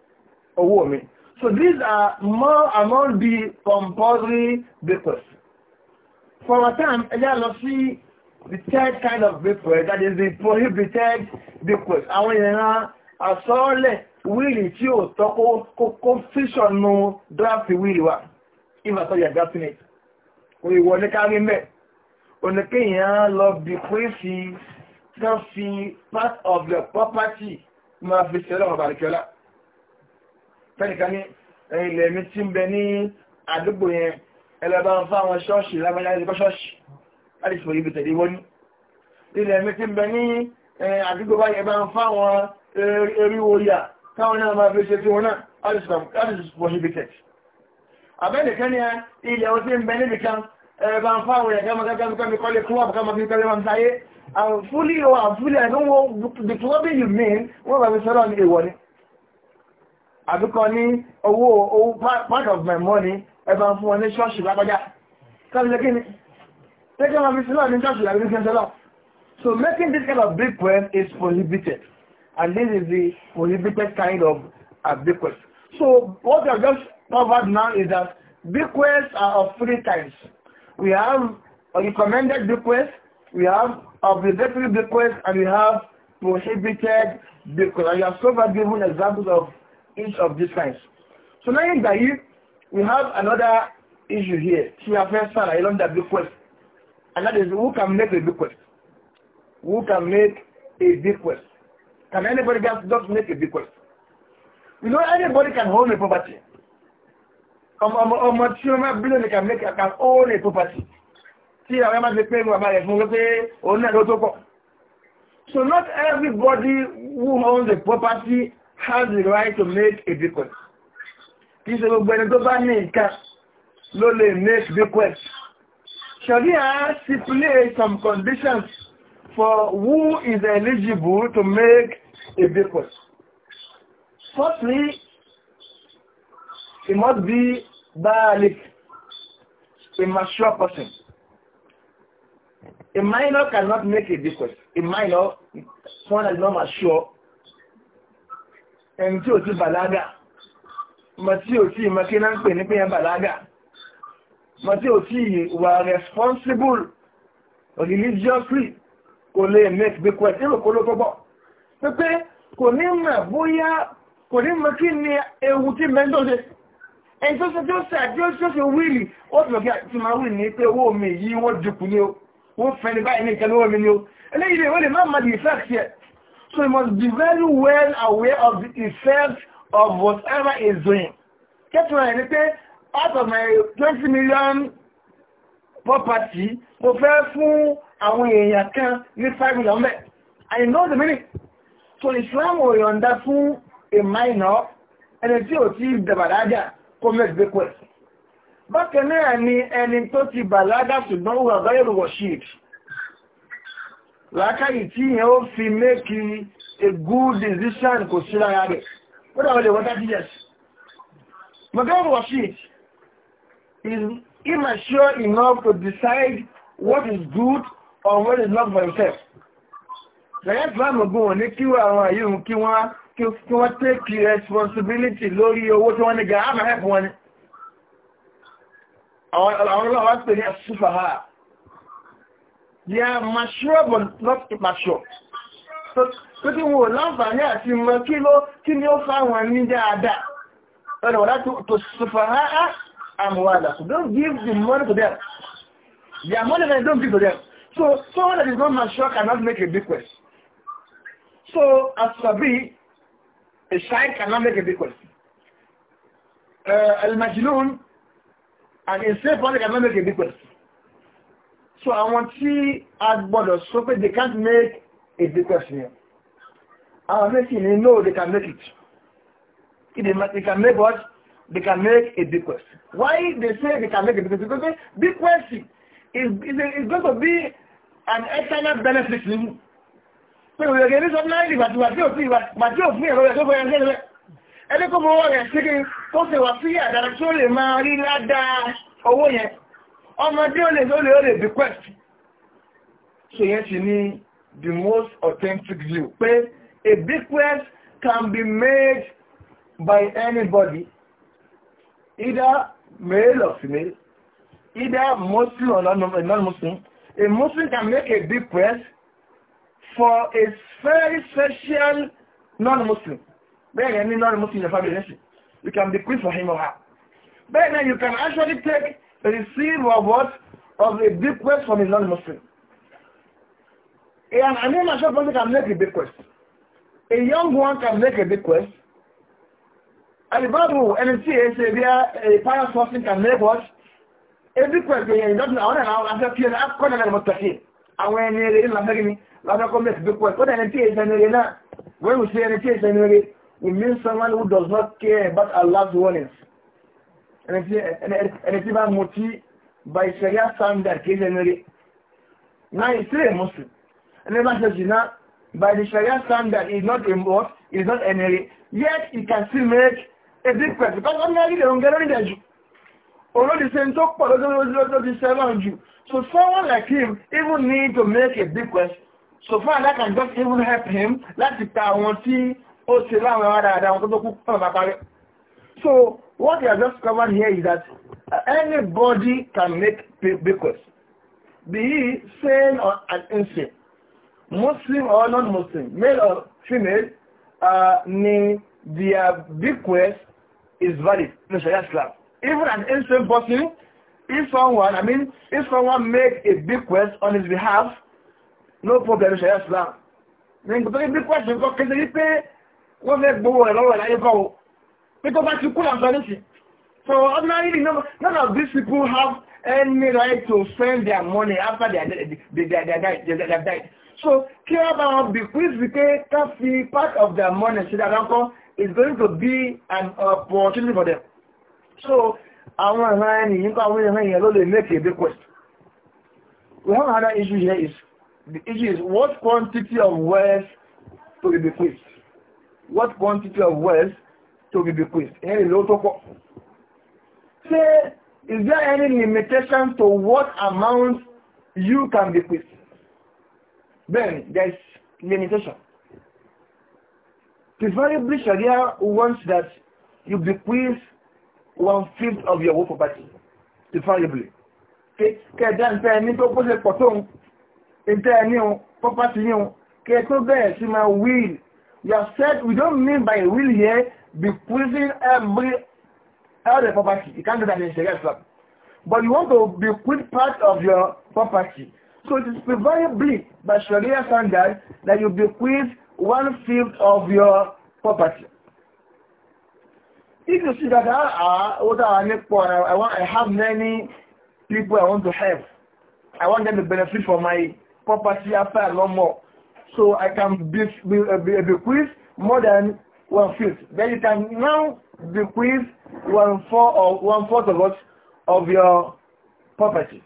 Speaker 1: owó mi. So these are more among the compulsory vapors. For a time, ẹjá lọ sí the third kind of vapor that is the prohibited vapors. Àwọn ìran àsọ́ọ́lẹ̀ wíìlì tí ó tọ́kó kókó fíṣọ̀nù draft wíìlì wa. If I saw your draft net, o ìwọ ní kárí mẹ́. Oníkéèyàn lọ bí pé fi, tó fi part of the property máa fi ṣẹlẹ̀ ọ̀bàrìkẹ́lá tẹ́nìkan ní ilẹ̀ mi tí ń bẹ ní àdúgbò yẹn ẹlẹ́bà ń fá àwọn ṣọ́ọ̀ṣì lágbàjá ẹ̀dẹ́kọ́ ṣọ́ọ̀ṣì láti fòye ibi tẹ̀lé wọ́n ní ilẹ̀ mi tí ń bẹ ní àdúgbò báyẹ̀ bá ń fá àwọn eriwo yà táwọn náà máa fi ṣe tí wọn náà láti fòye ibi tẹ̀lé àbẹ́nìkan ní ilẹ̀ ó ti ń bẹ níbìkan ẹ̀bà ń fá àwọn ẹ̀kẹ́ mọ́kẹ́kẹ́ kọ́lé club wọn sáyé and fully or unfully I wọ́n bá fi sọ́rọ̀ ní èèwọ̀ ni àbíkọ ní owó owó part of my money ẹbá fún wọn ní ṣọ́ọ̀ṣì lápájá káàkiri kí ni tẹ́kẹ́ ma fi sílọ̀ ní ṣọ́ọ̀ṣì lábí ní ṣẹ́ṣẹ́lọ̀ so making this kind of big request is prohibited and this is the prohibited kind of uh, bequest so what we have just covered now is that big bequests are of three types we have recommended big bequest we have obligatory bequest and we have prohibited bequest and you have so far given examples of each of these kinds. So now ìgbà yìí, we have another issue here First, a fẹ́ sàlàyé lọ́dà bequest. And that is who can make a bequest? Who can make a bequest? Can anybody just make a bequest? You know, anybody can own a property. Ọmọ tí ọmọ bílíọ̀nù ni can make a can own a property. Tí àwọn ẹmà ti pé ìwà bá rẹ̀ fún wípé òun náà ló tó pọ̀. So not everybody who owns a property has the right to make a bequest. Kìí ṣe gbogbo ẹni tó bá ní nǹkan ló lè make bequest. Sharia stipulate some conditions for who is eligible to make a bequest. Firstly, it must be Baalik, a mature person. A minor cannot make a bequest. A minor, someone that is not mature, ẹni tí ò ti bàlágà mọ̀ tí ò tí ìmọ̀kí náà ń pè ní pé yẹn bàlágà mọ̀ tí ò tí wà responsible religiously kò lè make big question èrò kó ló tó bọ̀ pépé kò ní mọ̀ bóyá kò ní mọ̀ kí ni ewu tí mẹ́ńdọ̀ ṣe ẹni tó ṣe tí ó ṣe àti ó ṣe wíìlì ó ti lọ́kí àti máa wíìlì ní pé owó mi yìí wọ́n dìkù ni ó wọ́n fẹ́ni báyìí ní ìkẹ́lẹ́ owó mi ni ó eléyìí lè wọ́n lè má máa di ìfẹ́ àti So you must be very well aware of the effect of whatever is doing. Get my anything out of my 20 million property, mo fẹ́ fún àwọn èèyàn can ní five million mẹ́. I know the meaning. So Islam ò under fún a minor ẹni tí ò the dàbàdájà kó make request. Bákan náà ni ẹni tó ti bàlágà ṣùgbọ́n wà báyìí rò wọ̀ ṣíìtì làákàyè tí yẹn ó fi make a good decision kò sí lára rẹ̀ ó dàwọn lè wọ́n 30 years Mogabe it. is immature enough to decide what is good or what is not for himself lẹ́yìn tí wọ́n mọ̀gbọ́n wọn ní kí àwọn àyíhùn kí wọ́n kí wọ́n take responsibility lórí owó tí wọ́n ní gan-an àmà ẹ̀kùn wọn ni àwọn ọlọ́wọ́ pè ní àṣùfà they are mature but not mature tó tí wọ́n láǹfààní àti mọ́ kí ló kí ni ó fáwọn ní dáadáa ọ̀nà wọ́n láti tó so don't give the money to them their money they don't give to them so someone that is not mature cannot make a bequest so as sabi a child cannot make a big question. uh, al-majnun an insane person cannot make a big question so àwọn tí a gbọ́dọ̀ sọ pé they can't make a big question here àwọn méjì ni no they can make it they, can make what they can make a big question why they say they can make a big question because big question is is, a, is going to be an external benefit to you pé òyìnbó ní sọ́nà ìgbà tí òfin ìgbà tí òfin ẹ̀rọ rẹ̀ tó fẹ́ ẹ̀rọ rẹ̀ ẹni kó mọ́ rẹ̀ sí kí tó ṣe wà sí àdára tí ó lè máa rí ládàá owó yẹn ọmọdé ó lè ó lè ó bequest so yẹn ti ní the most authentic view pé a bequest can be made by anybody either male or female either Muslim or non-Muslim a Muslim can make a bequest for a very special non-Muslim bẹ́ẹ̀ ni non-Muslim in the family you can bequest for him or her bẹ́ẹ̀ ni you can actually take Receive a word Of a bequest from a non-Muslim. An international person can make a bequest. A young one can make a bequest. Alibadu, NTA, Sabia, a pious person can make what? A bequest. Èyàn ìdọ́tún I said àwọn afẹ́ fíẹ́ to kọ́ nílẹ̀ mọ̀tàkì. Àwọn ẹni rẹ̀ ní lafẹ́ gini, lafẹ́ kọ́ make bequest. Kọ́dà ẹni tí èsẹ̀ ni rẹ̀ náà, when we say ẹni tí èsẹ̀ ni rẹ̀, we mean someone who does not care about Allah's warnings ẹni tí bá mú tí by sharia standard kìí ṣe nílé náà ìsílẹ̀ mùsùlùm ẹni bá ṣe jìnnà by the sharia standard is not a must is not an error yet he can still make a difference because ordinary lè ń gẹ́rẹ́ nílẹ̀ jù olódi ṣe ń tó pọ̀ lọ́dọ́ so someone like him even need to make a request so far that can just even help him láti ta àwọn so What we have just covered here is that uh, anybody can make bequests, be he sane or an insane, Muslim or non-Muslim, male or female, uh, ni their bequest is valid in Sharia Islam. Even an insane person, if someone, I mean, if someone make a bequest on his behalf, no problem in Sharia Islam. Ní ìgbìtọ́ ìbí kwẹ́sìn kọ́ kéde wípé wọ́n fẹ́ gbowó ẹ̀ lọ́wọ́ ẹ̀ láyé kọ́ Because that's equal and vanishing. So ordinarily, none, none of these people have any right to spend their money after they they died. They, they, they, died. So care about bequeath because the part of their money so that uncle is going to be an opportunity for them. So I want to yìí ń pàwọn ìran èèyàn ló lè make a bequest. We have another issue here is the issue is what quantity of wealth to be bequeathed? What quantity of wealth to be bequeathed ẹ̀rìn ló tó pọ̀ ṣé is there any limitation to what amount you can bequeath bẹ́ẹ̀ni there is limitation preferably sharia wants that you bequeath one fifth of your whole property preferably kẹjá ń tẹ́ ẹni tó kó ṣe pọ̀ tó ń tẹ́ ẹni o property yìí o kẹ tó bẹ̀rẹ̀ sí máa will you have said we don't mean by will here bequeathing every other property. You can't do that in Sharia Islam. But you want to bequeath part of your property. So it is preferably by Sharia standard that you bequeath one-fifth of your property. If you see that ah, ah, what I need I, I want, I have many people I want to help. I want them to benefit from my property after a lot more. So I can be, be, be, bequeath more than one fifth. Then you can now bequeath one four or one fourth of what of your property.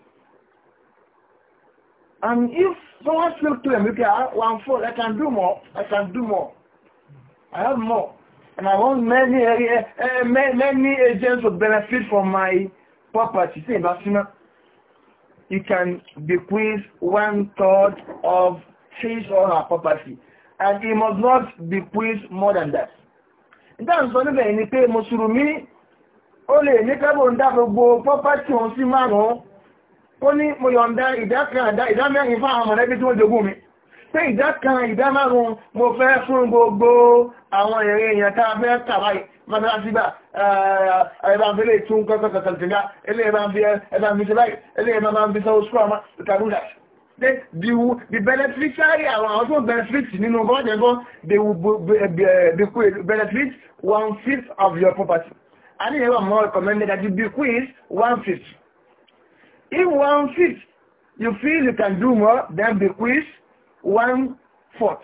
Speaker 1: And if someone still claim, okay, one fourth, I can do more, I can do more. I have more. And I want many uh, uh, many agents to benefit from my property. Say, Basina, you can bequeath one third of his or her property and he must not be preached more than that. Ìtàn sọ níbẹ̀ ni pé Mùsùlùmí ó lè ní kẹ́bù ń dá gbogbo pọ́pátì òun sí márùn-ún ó ní mo yọ̀ǹda ìdá ìdá mẹ́rin fáwọn mọ̀lẹ́bí tí wọ́n jogún mi. Pé ìdá kan ìdá márùn-ún mo fẹ́ fún gbogbo àwọn èrè èèyàn tá a fẹ́ kàwáì mọ́sálásígbà ẹ̀ẹ́dàbílẹ̀ tún kọ́kọ́ kọ̀kọ̀tìlá the beneficiary àwọn àwọn tó benefit nínú bọ́ọ̀dẹ̀gọ́ they will benefit one fifth of your property a ní ẹwà more recommended that you bequeath one fifth if one fifth you feel you can do more then bequeath one fourth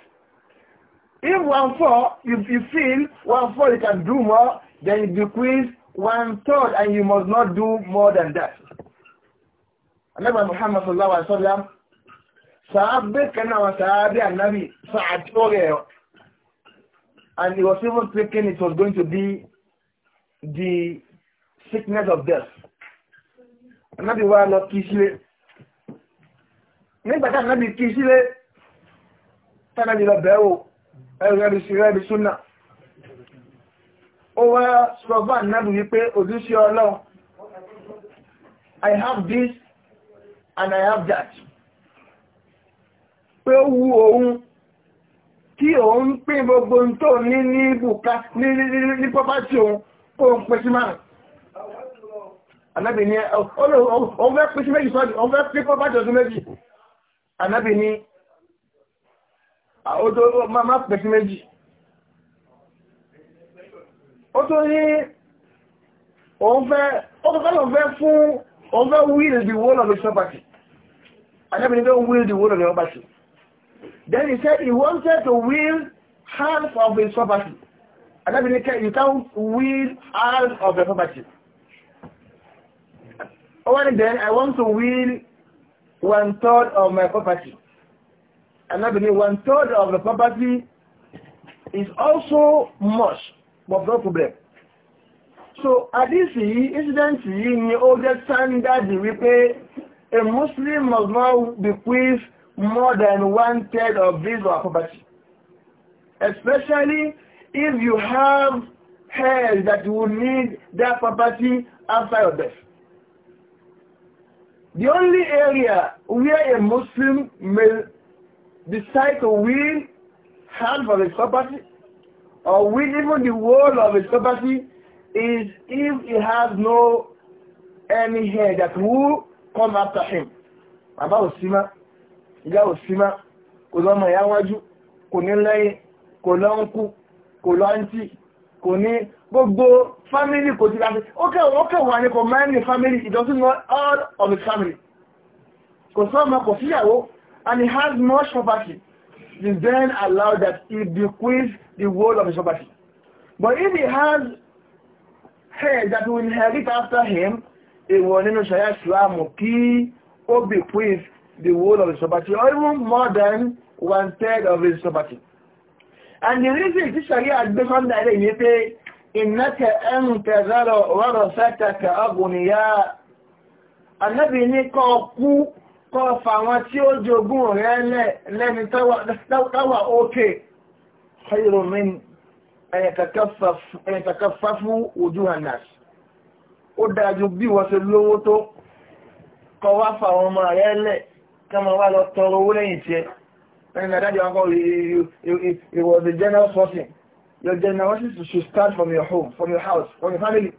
Speaker 1: if one fourth you, you feel one fourth you can do more then you bequeath one third and you must not do more than that. Anẹ́bà Muhammad sallallahu alaihi wa sallam sàábé kan náà sàábé ànábì sàájú ọ̀rẹ́ ẹ̀ and he was even thinking it was going to be the sickness of death ànábì wa lọ kí sílé nígbà tí ànábì kí sílé tánàbì lọ bẹ̀ẹ́ wò ẹ̀rọ ẹ̀rọ ìṣirẹ́bì súnà ó wá sọ fún ànábì wípé òdúṣe ọlọ́run I have this and I have that pé ó wu òun tí òun pín gbogbo tó ní ní bùká ní pọ́pátì òun kó ń pẹ́ sí márùn anábì ní ọ̀hún fẹ́ pín sí méjì sọ́dì ọ̀hún fẹ́ pín pọ́pátì ọdún méjì anábì ní odò máa pẹ́ sí méjì ó tó ní òun fẹ́ ọkọ̀kọ́ fẹ́ fún òun fẹ́ wíìlì ìdìwó lọ́nà ìṣọ́pàtì anábì ní fẹ́ wíìlì ìdìwó lọ́nà ìṣọ́pàtì Then he said he wanted to will half of his property. And that means you can't will half of the property. Only then I want to will one third of my property. And that means one third of the property is also much, but no problem. So àdísì yìí, incident yìí ni ó jẹ́ standard wípé a Muslim must not bequeath more than one third of his or her property. Especially if you have heirs that will need that property after your death. The only area where a Muslim may decide to win half of his property or win even the whole of his property is if he has no any heir that will come after him. Bàbá Òsímá ìyá ò sí má kò lọ́mọ ìyá wájú kò ní lẹ́yìn kò lọ́nkú kò lọ́ntì kò ní gbogbo family kò ti láti ókè ókè wà ní kò máa ní family it doesn't know all of the family kò sọ́mọ kò síyàwó and he has much property he then allowed that he bequeath the world of his property but if he has head that will inherit after him èwọ̀ nínú ṣayá ìsìlámù kí ó bequeath the whole of his property or even more than one third of his property. And the reason this Sharia has become that is that ìnáka ẹnu tẹ̀zọ́rọ̀ wọ́rọ̀ sátàkà ọgbùnìyà ka ní kọ́ kú kọ́ fàwọn tí ó jogún rẹ̀ lẹ́ni táwà ókè ṣayìròmín ẹ̀yẹ̀kàkà fún ojú hannas ó dájú bí wọ́n ṣe lówó tó kọ́ wá fàwọn ọmọ rẹ̀ lẹ́ni kama wá lọ tọrọ owó lẹ́yìn tí ẹ ẹni adájọ́ ọkọ̀ it was a general sourcing your generosity should start from your home from your house from your family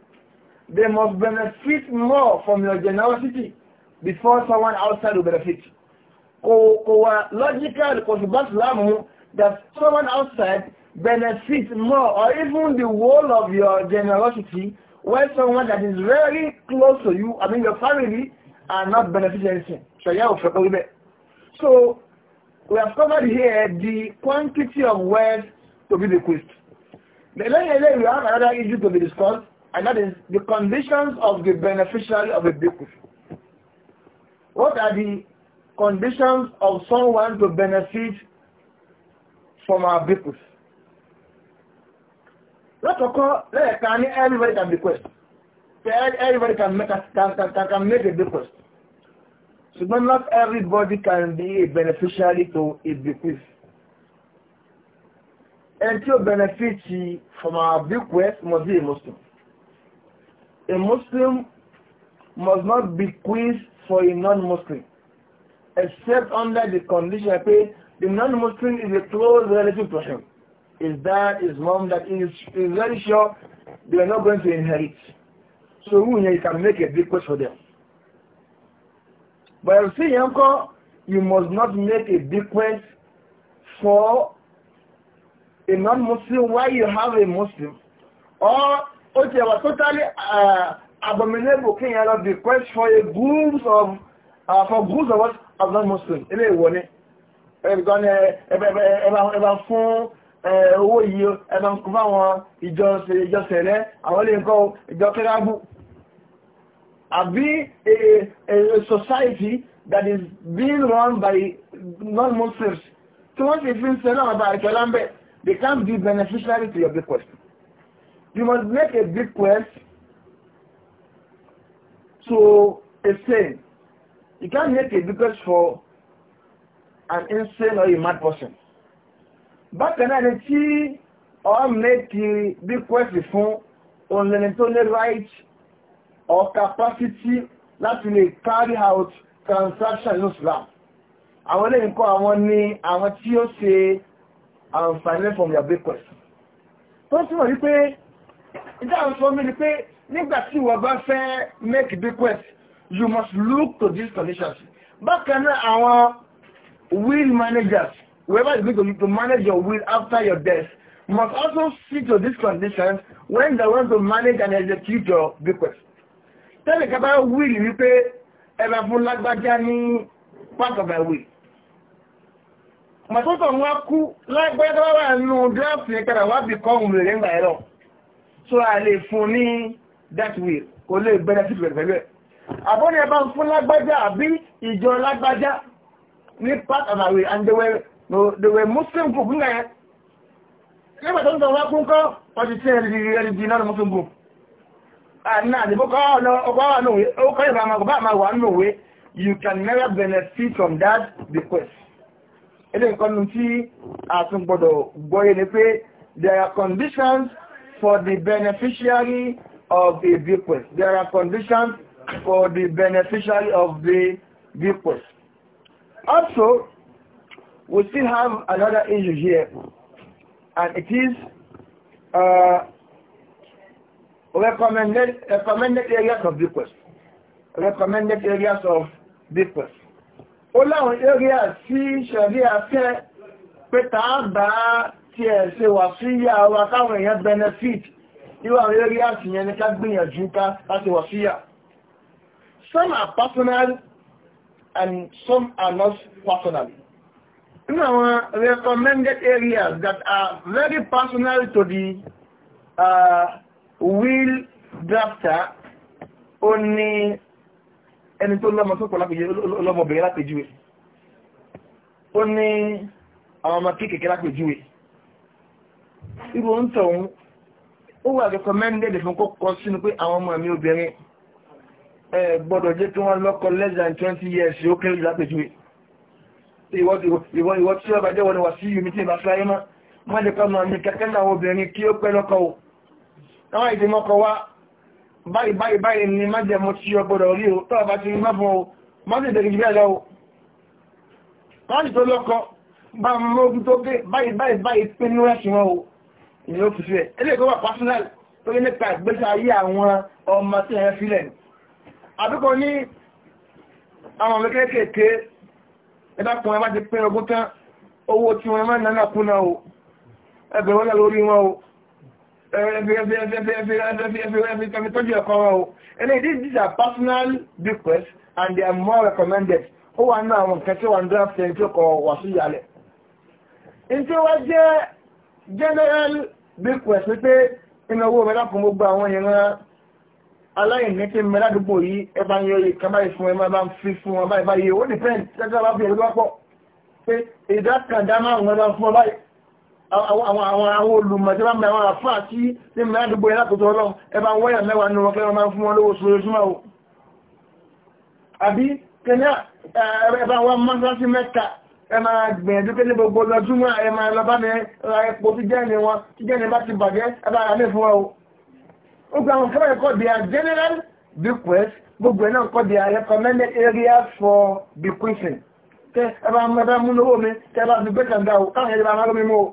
Speaker 1: they must benefit more from your generosity before someone outside will benefit kò kò wá logical kò sì bá sùlámù that someone outside benefits more or even the whole of your generosity when someone that is very close to you, I mean your family, are not benefiting anything. Sharia of So, we have covered here the quantity of wealth to be bequeathed. Then later we have another issue to be discussed, and that is the conditions of the beneficiary of a bequest. What are the conditions of someone to benefit from our bequest? Látọ̀kọ́ lẹ́yẹ̀ká ní everybody can bequest. Everybody can make a, can, can, can make a bequest ṣùgbọ́n not everybody can be a beneficiary to a bequest. ẹni tí ó benefit from our bequest must be a Muslim. A Muslim must not bequeath for a non-Muslim except under the condition pé the non-Muslim is a close relative to him. His dad, his mom, that is, is very sure they are not going to inherit. So who here can make a bequest for them. But you see, kọ́ you must not make a difference for a non-Muslim while you have a Muslim or okay, ti totally uh, abominable you have a bequest for a group of uh, for groups of us of non-Muslim ilé ìwọ ni ẹ̀bùkan ẹ̀bà fún owó yìí ẹ̀bà ń kún fáwọn ìjọ sẹ̀rẹ̀ àwọn ilé nǹkan ìjọ kẹ́rágbù àbí a, a society that is being run by non-Muslims So wọ́n ti fi ń sẹ́nà ọba àìkọ́lá they can't be beneficiary to your bequest you must make a bequest to a saint you can't make a bequest for an insane or a mad person bákan náà ni tí ọ̀ make bequest fún òun lẹ́ni tó ní right or capacity láti lè carry out transaction in Islam. Àwọn ilé nǹkan àwọn ni àwọn tí ó ṣe àǹfààní from your bequest. Tó túnmọ̀ rí pé, ìdá àwọn sọ mí ni pé nígbà tí wọ́n bá fẹ́ make bequest, you must look to these conditions. Bákan náà àwọn will managers, whoever is going to manage your will after your death, must also see to these conditions when they want to manage and execute your bequest tẹ́lẹ̀ kẹta wíìlì wípé ẹ̀bà fún lágbájá ní part of the will mọ̀tọ́tọ̀ wọ́n kú lágbájá tó wà nínú draft ní padà wá bí kọ́ òun rèé ńgbà ẹ̀rọ so a lè fún ní that will kò lè bẹ́rẹ̀ sí ìbẹ̀rẹ̀ pẹ̀lú ẹ̀ àbọ́ni ẹ̀bà fún lágbájá àbí ìjọ lágbájá ní part of the will and they were, they were Muslim group ńgbà yẹn nígbà tó ń sọ wá kún kọ́ ọdún tí ẹ̀rì Oh, you can never benefit from that bequest. Ilé ìkọlù tí a tún gbọdọ̀ gbọ́yé ni pé there are conditions for the beneficiary of a bequest. There are conditions for the beneficiary of the bequest. Also, we still have another issue here, and it is uh, recommended, recommended areas of bequest. Recommended areas of bequest. Ó láwọn area tí ṣẹ̀rí afẹ́ pé tààbà tí ẹ̀ ṣe wà sí yà wa káwọn èèyàn benefit irú àwọn area sì yẹn ní ká gbìyànjú ká láti wà sí yà. Some are personal and some are not personal. Inú àwọn recommended areas that are very personal to the uh, will drafter ó ní ẹni tó lọ́mọ tó pọ̀ lápèjì ọlọ́mọbìnrin lápèjúwe ó ní àwọn ọmọ kéèkéé lápèjúwe irú ń tọ̀hún ó wà recommended fún kọ́kọ́ sínú pé àwọn ọmọ mi obìnrin ẹ gbọ́dọ̀ jẹ́ kí wọ́n lọ́kọ less than twenty years ó kéré jù lápèjúwe ìwọ tí ọba jẹ́wọ́ ni wà sí yumi tí ìbá sáyé mọ́ wọ́n jẹ́ kọ́ ọmọ mi kẹ́kẹ́ náà obìnrin kí ó pẹ́ lọ́kọ o àwọn ìdí mọ́kọ̀ wá báyìí báyìí báyìí ni má jẹ mọ́ tí ọgbọ̀dọ̀ rí o tọ́ bá ti rí mọ́fún o má sì tẹ̀lé jù bẹ́ẹ̀ lọ o wọ́n sì tó lọ́kọ́ bá mọ́gún tó gé báyìí báyìí báyìí pinnu wọn personal tó yẹ nípa ìgbésẹ̀ ayé àwọn ọmọ tí ẹ̀yẹ sílẹ̀ àbíkọ ní àwọn ọmọ kéékèèké ẹ̀dàkùn ẹ̀ bá ti pín ogún tán owó tí wọ́n máa ń nánà kúnná o ẹgbẹ̀rún lórí wọn o These are personal bequests and they are more recommended. Ó wà náà àwọn nǹkan draft ẹni tí ó kọ wà general bequest wípé inú owó mẹ́lá fún gbogbo àwọn ìran aláìní tí mẹ́lá dúgbò yìí ẹbá ń yọ ìkan báyìí fún ẹmọ́ bá ń fi fún wọn báyìí báyìí ó depend tẹ́tẹ́ bá fi ẹ̀rí wọ́pọ̀ àwọn olùmọ̀ tí wọ́n mẹ́ àwọn àfá tí ní mẹ́ àdúgbò ìlàkòtò ọlọ́run ẹbá wọ́yà mẹ́wàá ní ọkẹ́ ọmọ fún wọn lówó sójúmọ́ o àbí kẹnyà ẹbá wọn mọ́sán sí mẹ́ta ẹmà general bequest gbogbo ẹ̀ náà kọ́ di a recommended for bequesting tẹ ẹbá mú lówó mi tẹ ẹbá fi gbé kàndà o káwọn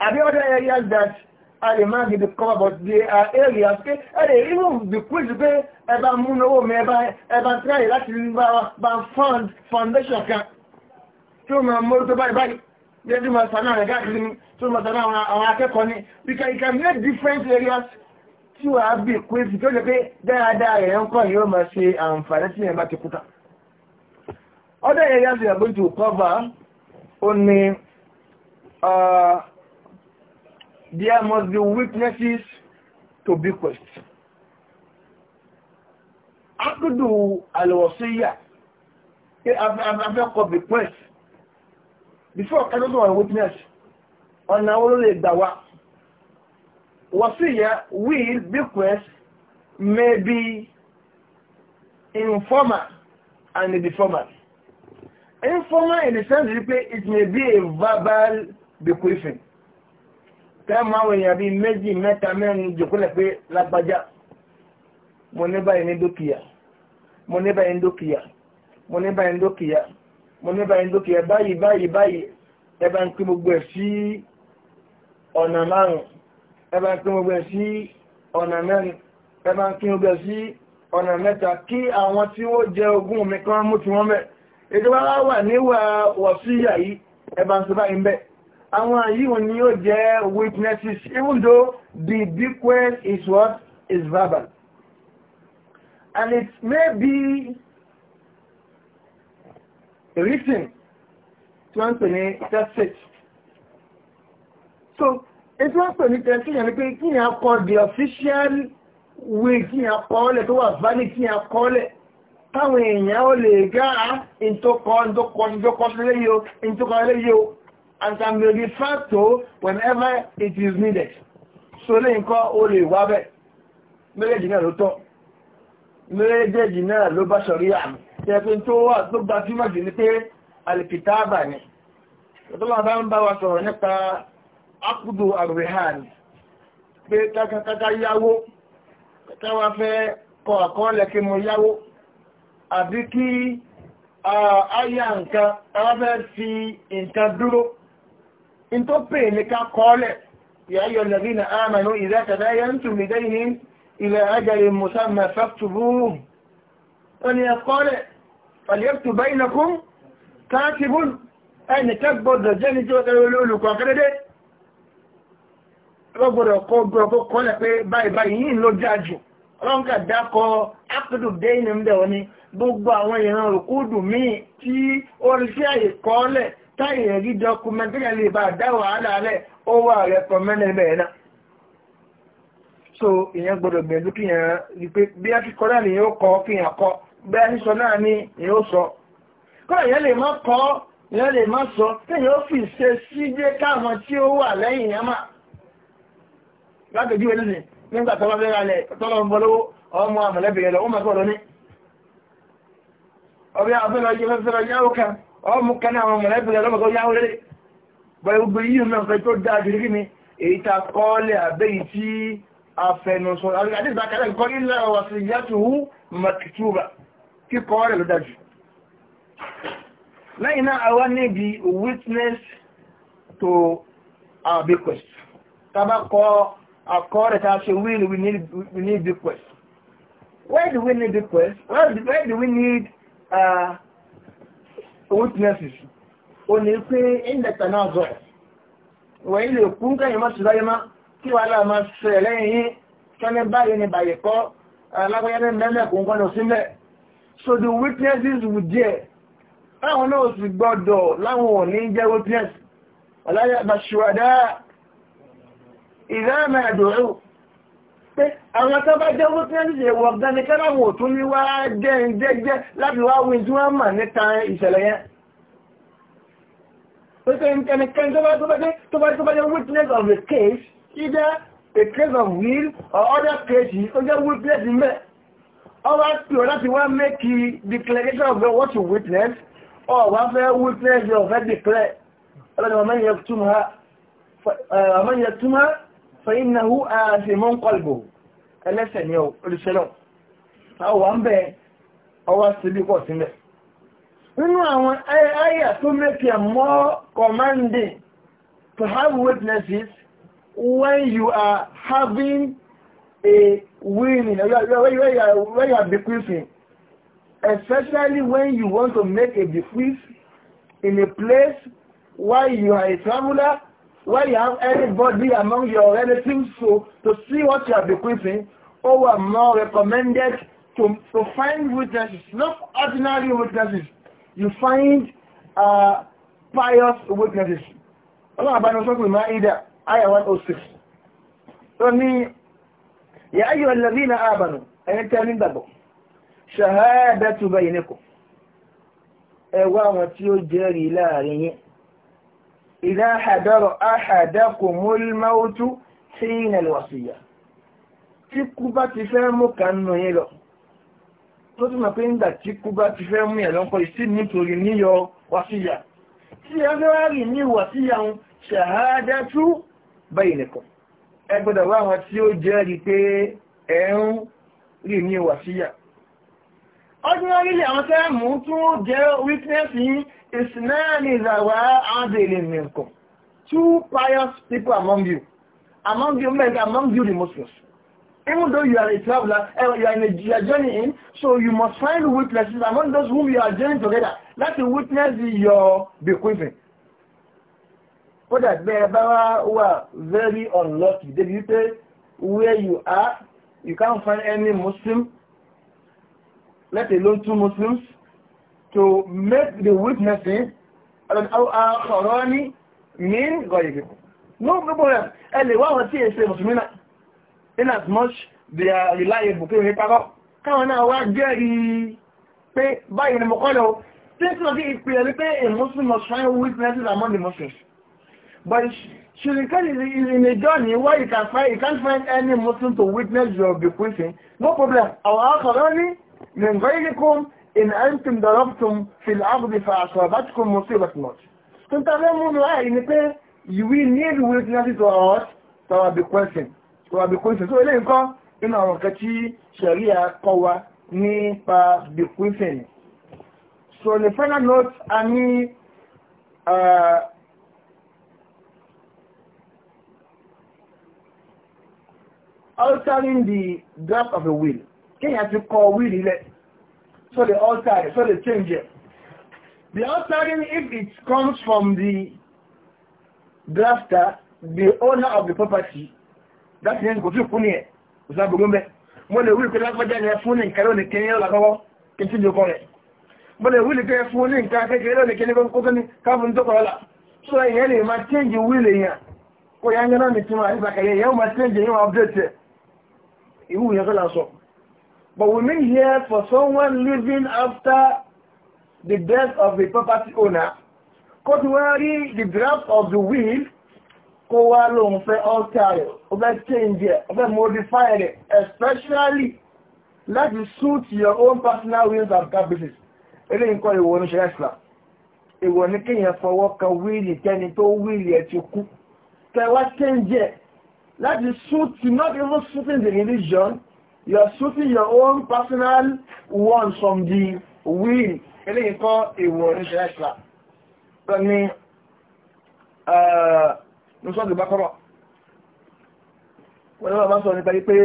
Speaker 1: Are other areas that are Alimah did cover, but they are areas, okay? And even the quiz, okay, ẹba múnú owó mi, ẹba try láti bá fund foundation kan tí ó máa mọ́rú tó báyìí báyìí, bí ẹjú máa sànà rẹ̀ káàkiri ni, tí ó máa sànà àwọn akẹ́kọ̀ọ́ ni. Because it can make different areas tí wàá bí quiz tó lè pé dáadáa rẹ̀ ń kọ́ yóò máa ṣe àǹfààní sí ẹ̀bá ti kúta. Other areas we are going to cover only uh, there must be witnesses to bequest. Akudu alwasiya, afẹ́kọ̀ bequest. Before I Kadodo and witness, on our lè gbà Wasiya, will, bequest may be informal and informal. Informal in the sense that it may be a verbal bequeathing tẹ́mọ àwọn èèyàn bíi méjì mẹ́ta mẹ́rin jòkúlẹ̀ pé lágbájá mo ní báyìí ní dúkìá mo ní báyìí ní dúkìá mo ní báyìí ní dúkìá mo ní báyìí ní dúkìá báyìí báyìí báyìí ẹ bá ń pín gbogbo ẹ̀ sí ọ̀nà márùn-ún ẹ ń pín gbogbo ẹ̀ sí ọ̀nà mẹ́rin ẹ ń pín gbogbo ẹ̀ sí ọ̀nà mẹ́ta kí àwọn tí wọ́n jẹ ogún mi kan mú tiwọn mẹ́ ètò bá wà níwà wọ̀síyà yìí ẹ ń sọ báyìí bẹ́ẹ̀ àwọn yíò ni ó jẹ́ witnesses even though the bequest is what is verbal and it may be written tí wọ́n ń pè ní so ètí wọ́n ń pè ní testate ni pé kí ni a kọ the official way kí ni a kọ́ọ́lẹ̀ tó wà valid kí ni a kọ́ọ́lẹ̀ táwọn èèyàn ó lè gáà ìntókọ́ ah, ìntókọ́ ìntókọ́ sílé yóò ìntókọ́ sílé yóò and can be referred to whenever it is needed. So lè ń kọ́ o lè wá bẹ́ẹ̀. Méjèèjì náà ló tọ́. Méjèèjì náà ló bá ṣọ̀rí àmì. Tẹ́fin tó wà tó gba tí máa jù ní pé alìkìtàbà ni. Ìtọ́lá bá ń bá wa sọ̀rọ̀ nípa Akudu Arvehan pé kákàkàkà yáwó, káwà fe kọ àkọọ́lẹ̀ kí mo yáwó, àbí kí a yá nǹkan, káwà fẹ́ fi nǹkan dúró in tó pè ní ká kọ́lẹ̀ ya ayyuha alladhina amanu idha tadayantum bidaynin ila ajalin musamma faktubuhu ó ní ẹ̀kọ́lẹ̀ falyaktu bainakum katibun ẹni kẹ́gbọ́dọ̀ jẹ́ ní tí ó tẹ́rẹ olùkọ́ akẹ́dẹ́dẹ́ lọ́gbọ́dọ̀ kọ́ gbọ́dọ̀ kọ́lẹ̀ pé báyìí báyìí yìí ló jájù ọlọ́nkà dákọ ápùdù déyìn ń bẹ̀ gbogbo àwọn ìran òkúdù míì tí ó rí sí àyè kọ́ọ́lẹ̀ táyẹ̀ rí dọ́kúmẹ́ntìrì lè bá dá wàhálà rẹ̀ rẹ̀ so ìyẹn gbọdọ̀ gbẹ̀lú kí yẹn rí pé bí a ti kọ́ náà nìyẹn ó kọ́ kí yẹn kọ́ bí a ti sọ náà ní ìyẹn sọ kọ́ ìyẹn lè má kọ́ ìyẹn lè má sọ ó fi ṣe sídé káwọn tí ó wà lẹ́yìn yẹn mà nígbà tó ọmọ kaná àwọn mọ̀lẹ́bìnrin ọlọ́mọ̀kọ́ yáwó lẹ́lẹ́ bọ̀ gbogbo yíò náà fẹ́ tó dáa jù kí ni èyí ta kọ́ọ́lẹ̀ àbẹ́yìí tí a fẹnu sọ àti ìsàkálẹ̀ witness to our bequest tàbá kọ́ àkọọ́lẹ̀ ta ṣe will we need, we need bequest where do we need bequest where where do we need uh, witnesses o ní pé ìlẹ̀tà náà zọ̀ wọ́n ilé kún kẹ́yìn mọ́sí láyé má kí wà láàmà sẹ̀ lẹ́yìn kẹ́ni báyìí ni bàyẹ̀ kọ́ alágbẹ́yẹ́ mẹ́lẹ̀ kún kọ́ lọ sílẹ̀ so the witnesses would there láwọn náà sì gbọ́dọ̀ láwọn ò ní jẹ́ witness ọ̀láyà bàṣùwàdá ìdáàmà àdùrú pé àwọn tó bá jẹ́ witness yẹ wọ̀ gan ni kẹ́láwọn ò tún ní wá jẹ́ jẹ́jẹ́ láti wá wí tí wọ́n mọ̀ níta ìṣẹ̀lẹ̀ yẹn pé ẹnikẹ́ni tó bá jẹ́ witness of a case either a case of will or other cases ó jẹ́ witness mẹ́ ọwá pè ọ láti wá make the declaration of what you witness or wá fẹ́ witness your fẹ́ declare ọlọ́dún ọmọ yẹn túmọ̀ فإنه آثم قلبه ẹlẹ́sẹ̀ يو olùsẹ́lọ̀ أو ń bẹ ọwá síbí pọ̀ sílẹ̀ nínú àwọn ayà tó make a more commanding to have witnesses when you are having a winning when you are bequeathing especially when you want to make a bequeath in a place where you are a traveler where you have anybody among your relatives so to see what you are bequeathing or are more recommended to, to find witnesses, not ordinary witnesses. You find uh, pious witnesses. Ọlọ́run àbáni ọ̀sọ́kùn ìmá ìdá, Aya 106. Tó ní, yà áyí ọ̀lẹ́bí na àbànù, ẹni tẹ́ ní gbàgbọ́, ṣàhádà tó bá yìí nìkọ̀. Ẹwà àwọn tí ó jẹ́rìí láàrin إذا حضر أحدكم الموت حين الوصية tí kú bá ti fẹ́ mú kanú yín lọ tó tí mọ̀ pé ń gbà tí kú bá ti fẹ́ mú yẹn lọ́pọ̀ ìsí nítorí níyọ wàsíyà tí ẹgbẹ́rẹ́rì ní wàsíyà ń ṣàhádẹ́tú báyìí nìkan ẹgbẹ́dọ̀ àwọn tí ó jẹ́ rí pé ẹ̀ ń rí ní wàsíyà ordinarily àwọn tẹ́ mú tún ó jẹ́ witness yìí is náà ní ìzàwà àádìlì nìkan two pious people among you among you men among you the Muslims even though you are a traveler eh, you are a you are journeying so you must find witnesses among those whom you are journeying together Let the witness your bequeathing that, gbẹ bá wá wà very unlucky débi wípé where you are you can't find any Muslim let alone two Muslims, to make the witnessing Our Qurani min ghayrikum. No problem. Ẹlẹ̀ wá wọn tí è ṣe in as much they are reliable pé òye parọ́, káwọn náà wá jẹ́rìí pé báyìí ni mo kọ́ lọ, tí ń sọ sí ìpìlẹ̀ wípé a Muslim must find witnesses among the Muslims. But Shirikan is in a journey where you can find, you can't find any Muslim to witness your bequeathing. No problem. Our Qurani. من غيركم إن أنتم ضربتم في الأرض فأصابتكم مصيبة الموت كنت أعلمون رأي نبي you will need witnesses to us to our bequestion to our bequestion so eléyìí kọ́ inú àwọn nǹkan tí sharia kọ́ wa nípa bequestion so the final note a ní altering the draft of a will kéèyàn ti kọ wíìlì lẹ̀ so the alter so the change the altering if it comes from the drafter the owner of the property that means kò tí kú ní ẹ̀ kò sí àbúrú mẹ́ mo lè wíìlì pé lápẹ́jẹ́ ni ẹ fún ní nǹkan lónìí kí ní ọlọ́kọ́wọ́ kí n tí jòkó rẹ̀ mo lè wíìlì pé ẹ fún ní nǹkan kékeré lónìí kí ní kókó tó ní káfún tó kọ̀ọ́lá so ìyẹn lè máa change wíìlì yẹn kó yá ń gẹ́nà ní tí máa ń bàkẹ́yẹ ìyẹn máa change yẹn máa update ìwú yẹn tó lásọ̀ọ́ But we mean here for someone living after the death of the property owner, kó ti the draft of the will kó wá lóun fẹ́ alter rẹ̀, ó fẹ́ change rẹ̀, ó modify rẹ̀, especially láti suit your own personal wills and purposes. Ilé nǹkan ìwò ní ṣẹlẹ̀ Islam. Ìwò ní kíyàn fọwọ́ kan wíìlì tẹni tó wíìlì ẹ̀ ti kú. Kẹwàá change rẹ̀ láti suit, not even suiting the religion, You are shooting your own personal one from the wheel eléyìí kọ́ èwò oríṣẹ́ ẹ̀ṣà tó ní nùsọ́dù bá kọ́rọ̀ wọ́n lọ́wọ́ bá sọ nípa yí pé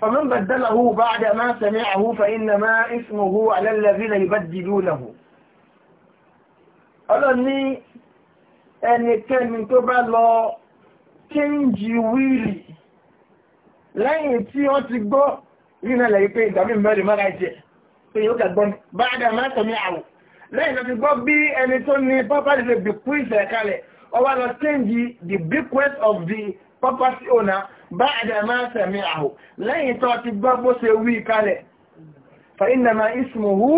Speaker 1: فمن بدله بعد ما سمعه فإنما اسمه على الذين يبدلونه ọlọ́ni ẹnikẹ́ni tó bá lọ Change wíìlì lẹ́yìn tí wọ́n ti gbọ́ nínú ẹ̀lẹ̀ pé ìgbàmí mẹ́rin mọ́ra jẹ́ pé yóò gbàgbọ́n bá dà máa tọ̀mí àwò lẹ́yìn tó ti gbọ́ bí ẹni tó ní property lè bí kú ìfẹ́ kalẹ̀ ọwá lọ chéńjì the bequest of the property owner bá dà máa tọ̀mí àwò lẹ́yìn tó ti gbọ́ bó ṣe wí kalẹ̀ fa innama ismuhu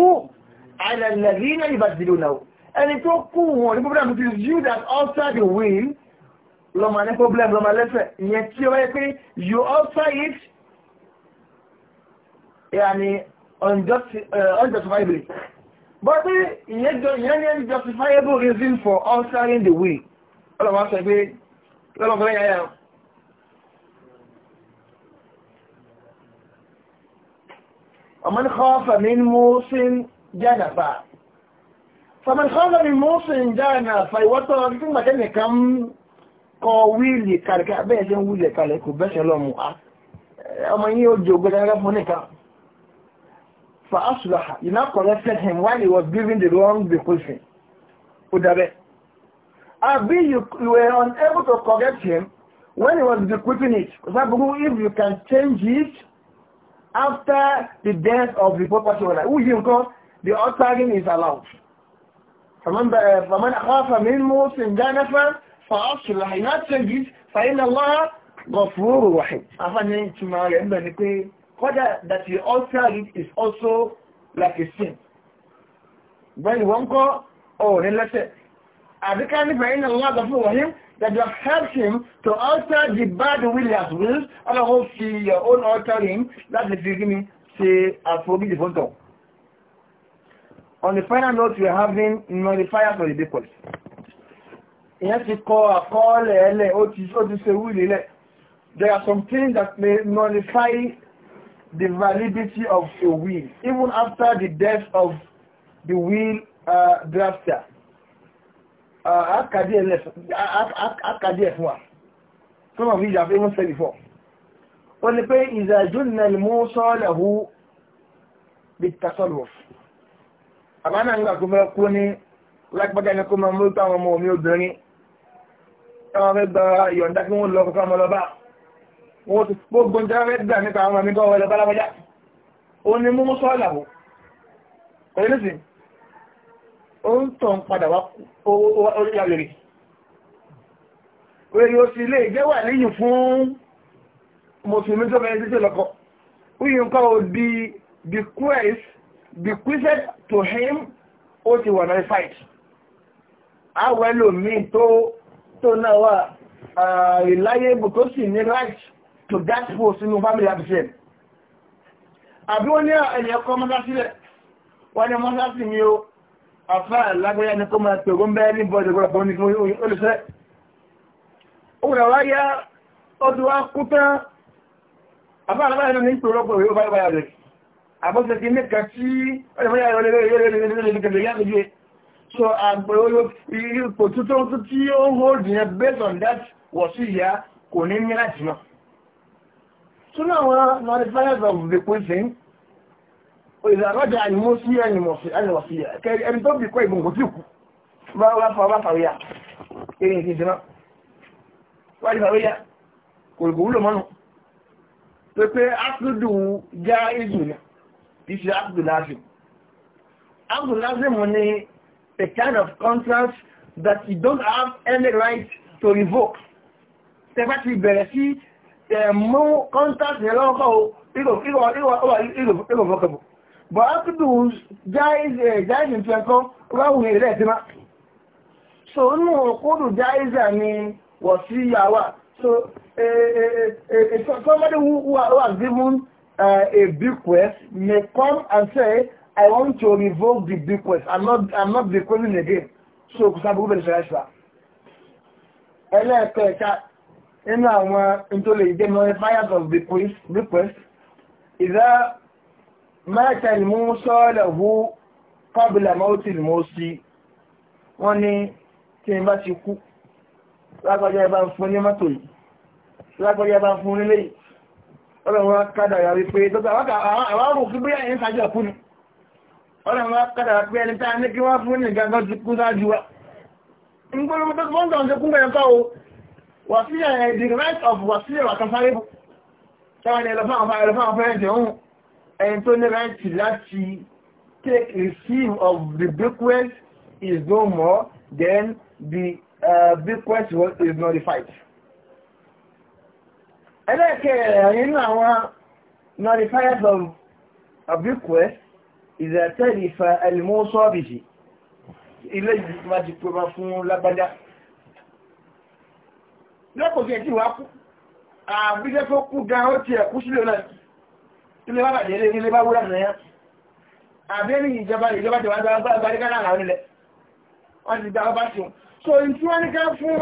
Speaker 1: ala alladhina yubadiluna ẹni tó kú wọn ní pọ́pọ́lá that alter the will lọ́mọ ní problem lọ́mọ lẹ́sẹ̀ ìyẹn tí ó wáyé pé you offer it yàní uh, unjustifiably but pé ìyẹn ní unjustifiable reason for altering the way ọlọ́mọ sọ pé lọ́mọ fẹ́ yáyà ومن خاف من موص جنفا فمن خاف من موص جنفا فيوطر ثم جنكم kọ wíìlì kàríkà bẹ́ẹ̀ ṣe wíìlì kalẹ̀ kò bẹ́ẹ̀ lọ́mù á ọmọ yìí ó jògbé fún nìkan fa asulaha you now corrected him while he was giving the wrong bequeathing ó dàbẹ́ àbí you, were unable to correct him when he was bequeathing it ṣàbùkù if you can change it after the death of the property owner who yìí nǹkan the altering is allowed. فمن خاف من موسى جانفا fàáṣùlá iná tẹ́jì fàílẹ̀lá gọ̀fúrò wàhìn afáàní ìtumọ̀ rẹ̀ ń bẹ̀ ni pé kọ́dà that you also read is also like a sin bẹ́ẹ̀ni wọ́n kọ́ ọ̀rẹ́ lẹ́sẹ̀ àdíká ní fàílẹ̀lá gọ̀fúrò wàhìn that you have him to alter the bad will as will ọlọ́wọ́ fi your own alter Him. altering láti fi kí ni ṣe àforíjì fóńtọ̀ On the final note, we are having nullifiers for the deposit èyàn ti kọ àkọọ́lẹ̀ ẹlẹ̀ ó ti ṣe wúlé lẹ̀ there are some things that may nullify the validity of a will even after the death of the will uh, drafter uh, akadi ẹ̀ fún wa some of you have even said before ó ní pé ìzàjúnà ni mú sọ́ọ̀lẹ̀hú bí tasọ́lùwọ̀f àbánà ń gbà kó mẹ́kú ní lágbàdá ní kó mẹ́ mú táwọn ọmọ omi obìnrin táwọn fẹ́ gba ìyọ̀ǹda kí wọ́n lọ kọ́kọ́ ọmọ lọ bá wọ́n ti gbogbo ń jáwé gbà nípa àwọn àmì kọ́ ọlọ́bá lábọ́já ó ní mú sọ́ àlàbò pẹ̀lú nísìn ó ń tàn padà wá orí àlèrè orí yóò sì lè gbé wà níyìn fún mùsùlùmí tó bẹ̀rẹ̀ títí lọ́kọ́ wíyìn kọ́ ò di bequest bequested to him ó ti wà notified àwọn ẹlòmíì tó tó náà wà reliable tó sì ní right to that post inú family absent àbí wọ́n ní ẹ̀yẹ kọ́ mọ́sá sílẹ̀ wọ́n ní mọ́sá sí mi ó afẹ́ lágbẹ́yà ní kó máa pẹ̀rún bẹ́ẹ̀ ní bọ́ọ̀dẹ̀ gbọ́dọ̀ pọ̀ ní fún olùsẹ́ ó rẹ̀ wá yá ọdún wá kú tán afẹ́ alábáyà ní ìpèrò pọ̀ ìwé báyà rẹ̀ àbọ́sẹ̀ ti ní kà sí ọdún so àgbẹ̀ ipò tuntun tí ó ń hold yẹn based on that wọ̀ sí ìyá kò ní ní láti mọ̀ tún àwọn notifiers of the Roger and and And ìdàrọ́jà àyìnmó sí ẹnìwọ̀sí ẹni tó bí kọ́ ìbùn kò tí kù bá wá fà wá fàwíyà eré ìdí ìsinmi wá ní fàwíyà kò ìgbò wúlò mọ́nu pé pé ápùdù já ìzù ní ìṣẹ́ ápùdù lásìm ápùdù lásìm ní a kind of contract that you don't have any right to revoke. Tẹ́gbà ti bẹ̀rẹ̀ sí mú contract yẹn lọ́kọ̀ o, irrevocable. But Akidu Jaize ti ẹ̀kọ́, ráhùn ilẹ̀ ti má. So, inú òkúrù Jaize ni wọ̀ sí yàwá. So, uh, uh, uh, somebody who, who, who has given uh, a bequest may come and say, I want to revoke the bequest. I'm not, I'm not bequesting again. So kò sábà gbogbo ìṣẹ̀lẹ̀ ṣùgbà. Ẹlẹ́ẹ̀kọ́ ẹ̀ka nínú àwọn tó lè jẹ́ modifiers of bequest, bequest ìdá mẹ́ta ìmú sọ́ọ̀lẹ̀ hu kọ́bìlà mọ́tì ìmú sí. Wọ́n ní tí n bá ti kú. Lágbàjá ẹ bá ń fún ní mọ́tò yìí. Lágbàjá ẹ bá ń fún nílé yìí. Ọlọ́run wọn kádà yà wípé, dókítà àwọn àrùn kí bóyá ẹ̀ ń sájọ́ kú ni ọlọ́run akádà pé ẹni tá ní kí wọ́n fún ní gangan ti sáájú wa ń mọ́tọ́ fún ọ̀dọ̀ ṣe kún bẹ̀rẹ̀ o wà sí the right of wà sí ẹ̀wà sáré sẹ́wọ́n ẹlọ́fà àwọn fẹ́rẹ̀ntì ọ̀hún ẹni tó ní the bequest is no more than the uh, bequest is nullified ẹlẹ́ẹ̀kẹ́ ẹ̀yìn àwọn nullifiers of a bequest إذا تلف الموصى به إليه ما تكبر فون لبدا lọ́pọ̀ sí ẹ̀tí wà kú àbíjẹ́ tó kú ga ó ti ẹ̀kú sílẹ̀ náà ilé bá bàjẹ́ ilé ilé bá wúrà nìyà àbẹ́ ní ìjọba ìjọba tẹ̀wà tẹ̀wà bá bá díkà láàrín ilẹ̀ wọ́n ti gba ọba sí wọn so in tí wọ́n ní ká fún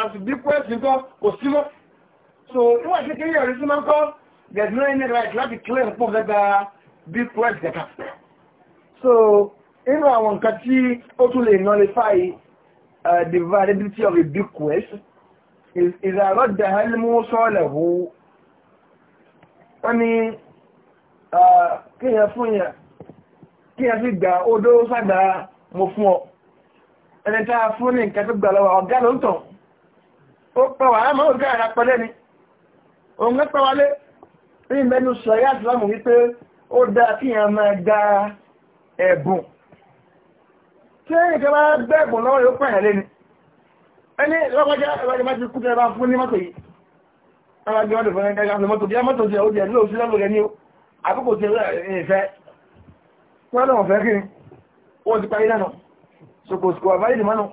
Speaker 1: àsìbíkú ẹ̀sìn kọ́ kò sí mọ́ so níwọ̀n sí kí yẹ̀rí sí máa ń kọ́ there's no any right láti claim pọ̀ gẹ́gà bí press kẹta so inú àwọn nǹkan tí ó tún lè nullify uh, the validity of a bequest is ìràrọ́dà helmu sọ́ọ̀lẹ̀hu wọ́n ni uh, kíyàn fún yàn kíyàn sí gbà odó sádà mo fún ọ ẹni tá a fún ní nǹkan tó gbà lọ́wọ́ ọ̀gá ló ń tàn ó pẹ̀wà á máa ń gá pẹ̀lẹ́ ni òun ń pẹ̀wálé ní ìmẹ́nu sọ̀rọ̀ yá àtìlámù wípé ó dáa kíyàn máa dáa ẹ̀bùn tí ẹ̀yìn kẹ́ bá bẹ́ẹ̀bùn lọ́wọ́ yóò pààyàn lẹ́ni ẹni lọ́gbàjá ẹgbàjá ti kú tẹ́ẹ̀bá fún ní mọ́tò yìí ẹgbàjá mọ́tò fún ẹgbàjá mọ́tò bí mọ́tò jẹ́ oúnjẹ ló sí lọ́gbẹ̀ẹ́ ní àkókò tí ẹ̀fẹ́ wọ́n lọ́wọ́ fẹ́ kí ni wọ́n ti parí lánà sọkò sọkò àbáyé ni mọ́nà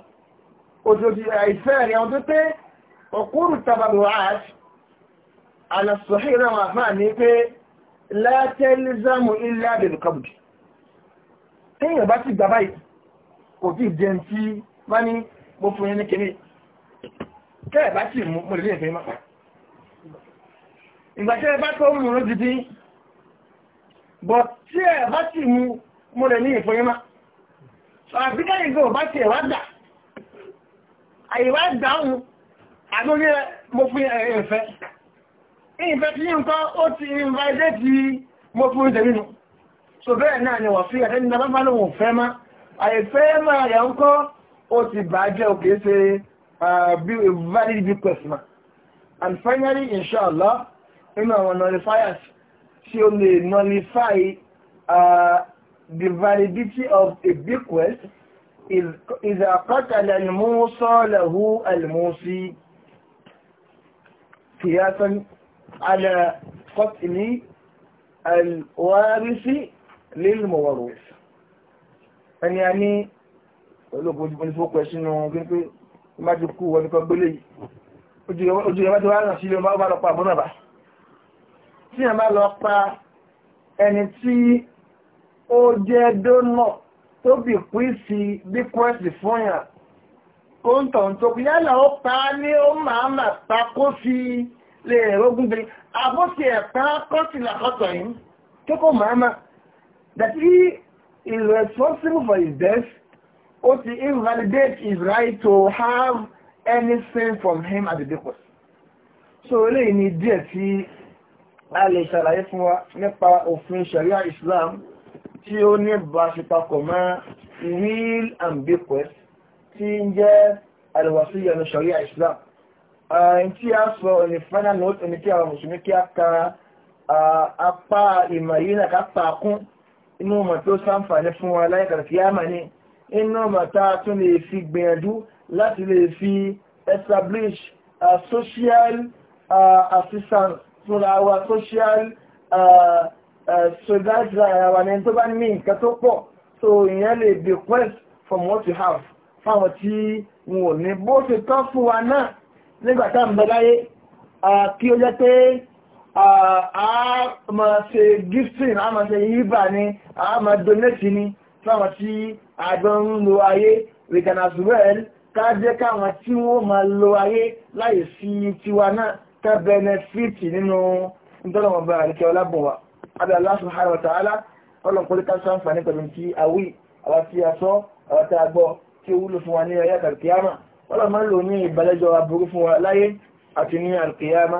Speaker 1: ó ti ó ti àìfẹ́ rẹ̀ àwọn téèyàn bá ti gbà báyìí kò tí ì jẹun tí má ní mo fún yẹn ní kéré kẹ́ẹ̀ bá sì mú mo lè lè fẹ́ má. ìgbà tí ẹ bá tó mú ló dìdí bọ̀ tí ẹ bá sì mú mo lè ní ìfún yẹn má. àbí káyìn gbọ́ bá tiẹ̀ wá dà àyèwá dà ń àdóyè mo fún yẹn ẹ̀fẹ́. ìfẹ́ tí yìí ń kọ́ ó ti invalidate mo fún yẹn nínú so bẹ́ẹ̀ náà ni wọ́n fi ẹ̀rẹ́ ní bàbá lòun fẹ́ má àìfẹ́ máa yà ń kọ́ ó ti bàájẹ́ ò kìí ṣe valid request ma and finally inshallah inú àwọn nullifiers tí ó lè nullify uh, the validity of a bequest إذا قتل الموصى له الموصي قياسا على قتل الوارث للموروث ẹni a ní olóògbé ojúbọ ní fókù ẹ sínú gbígbé má ti kú wọn nìkan gbélé yìí ojú ẹ̀má ti wá ràn sílé ọba lọ pa àbúrò bá tí ẹ̀má lọ pa ẹni tí ó jẹ́ dónà tó bì pín sí bí kwẹ́sì fún yàn kó ń tọ̀ ń tó kú yálà ó pa á ní ó máa mà pa kó fi lè rógún gbé àbóṣe ẹ̀ka kọ́sìlà kọ́tọ̀ yìí tó kó máa máa that he is responsible for his death or to invalidate his right to have anything from him at the bequest. So eléyìí ni díẹ̀ he, a lè ṣàlàyé fún wa nípa òfin sharia Islam tí ó ní báṣepapọ̀ mọ́ will and bequest tí ń jẹ́ àlùwàsíyà ní sharia Islam. Ẹni tí a sọ ní final note ẹni tí àwọn mùsùlùmí kí a ka apá ìmọ̀ yìí náà ká pa inú ọmọ tí ó sáǹfààní fún wa láìkàrà kí á mà ní inú ọmọ tá a tún lè fi gbìyànjú láti lè fi establish a social assistance fúnra wa social uh, uh, solidarity ara wa tó bá ní nǹkan tó pọ̀ so ìyẹn lè bequest from what you have fáwọn tí wọn ò ní bó ṣe tán fún wa náà nígbà ń bẹ láyé kí ó jẹ́ pé a ma ṣe gifting a ma ṣe yíba ni a ma donate ni fáwọn tí àjọ ń lo ayé we can as well ká jẹ́ káwọn tí wọ́n ma lo ayé láyé sí tiwa náà ká benefit nínú ìtọ́lọ̀mọ̀bá àríkẹ́ ọlábùnwà abẹ́ Allah subhanahu wa ta'ala ọlọ́pọ̀lẹ́ ká sáǹfàní pẹ̀lú tí a wí àwọn tí a sọ àwọn tí a gbọ́ tí ó wúlò fún wa ní ayé àkàrkìyàmà ọlọ́mọ lò ní ìbàlẹ́jọ aburú fún wa láyé àti ní àkàrkìyàmà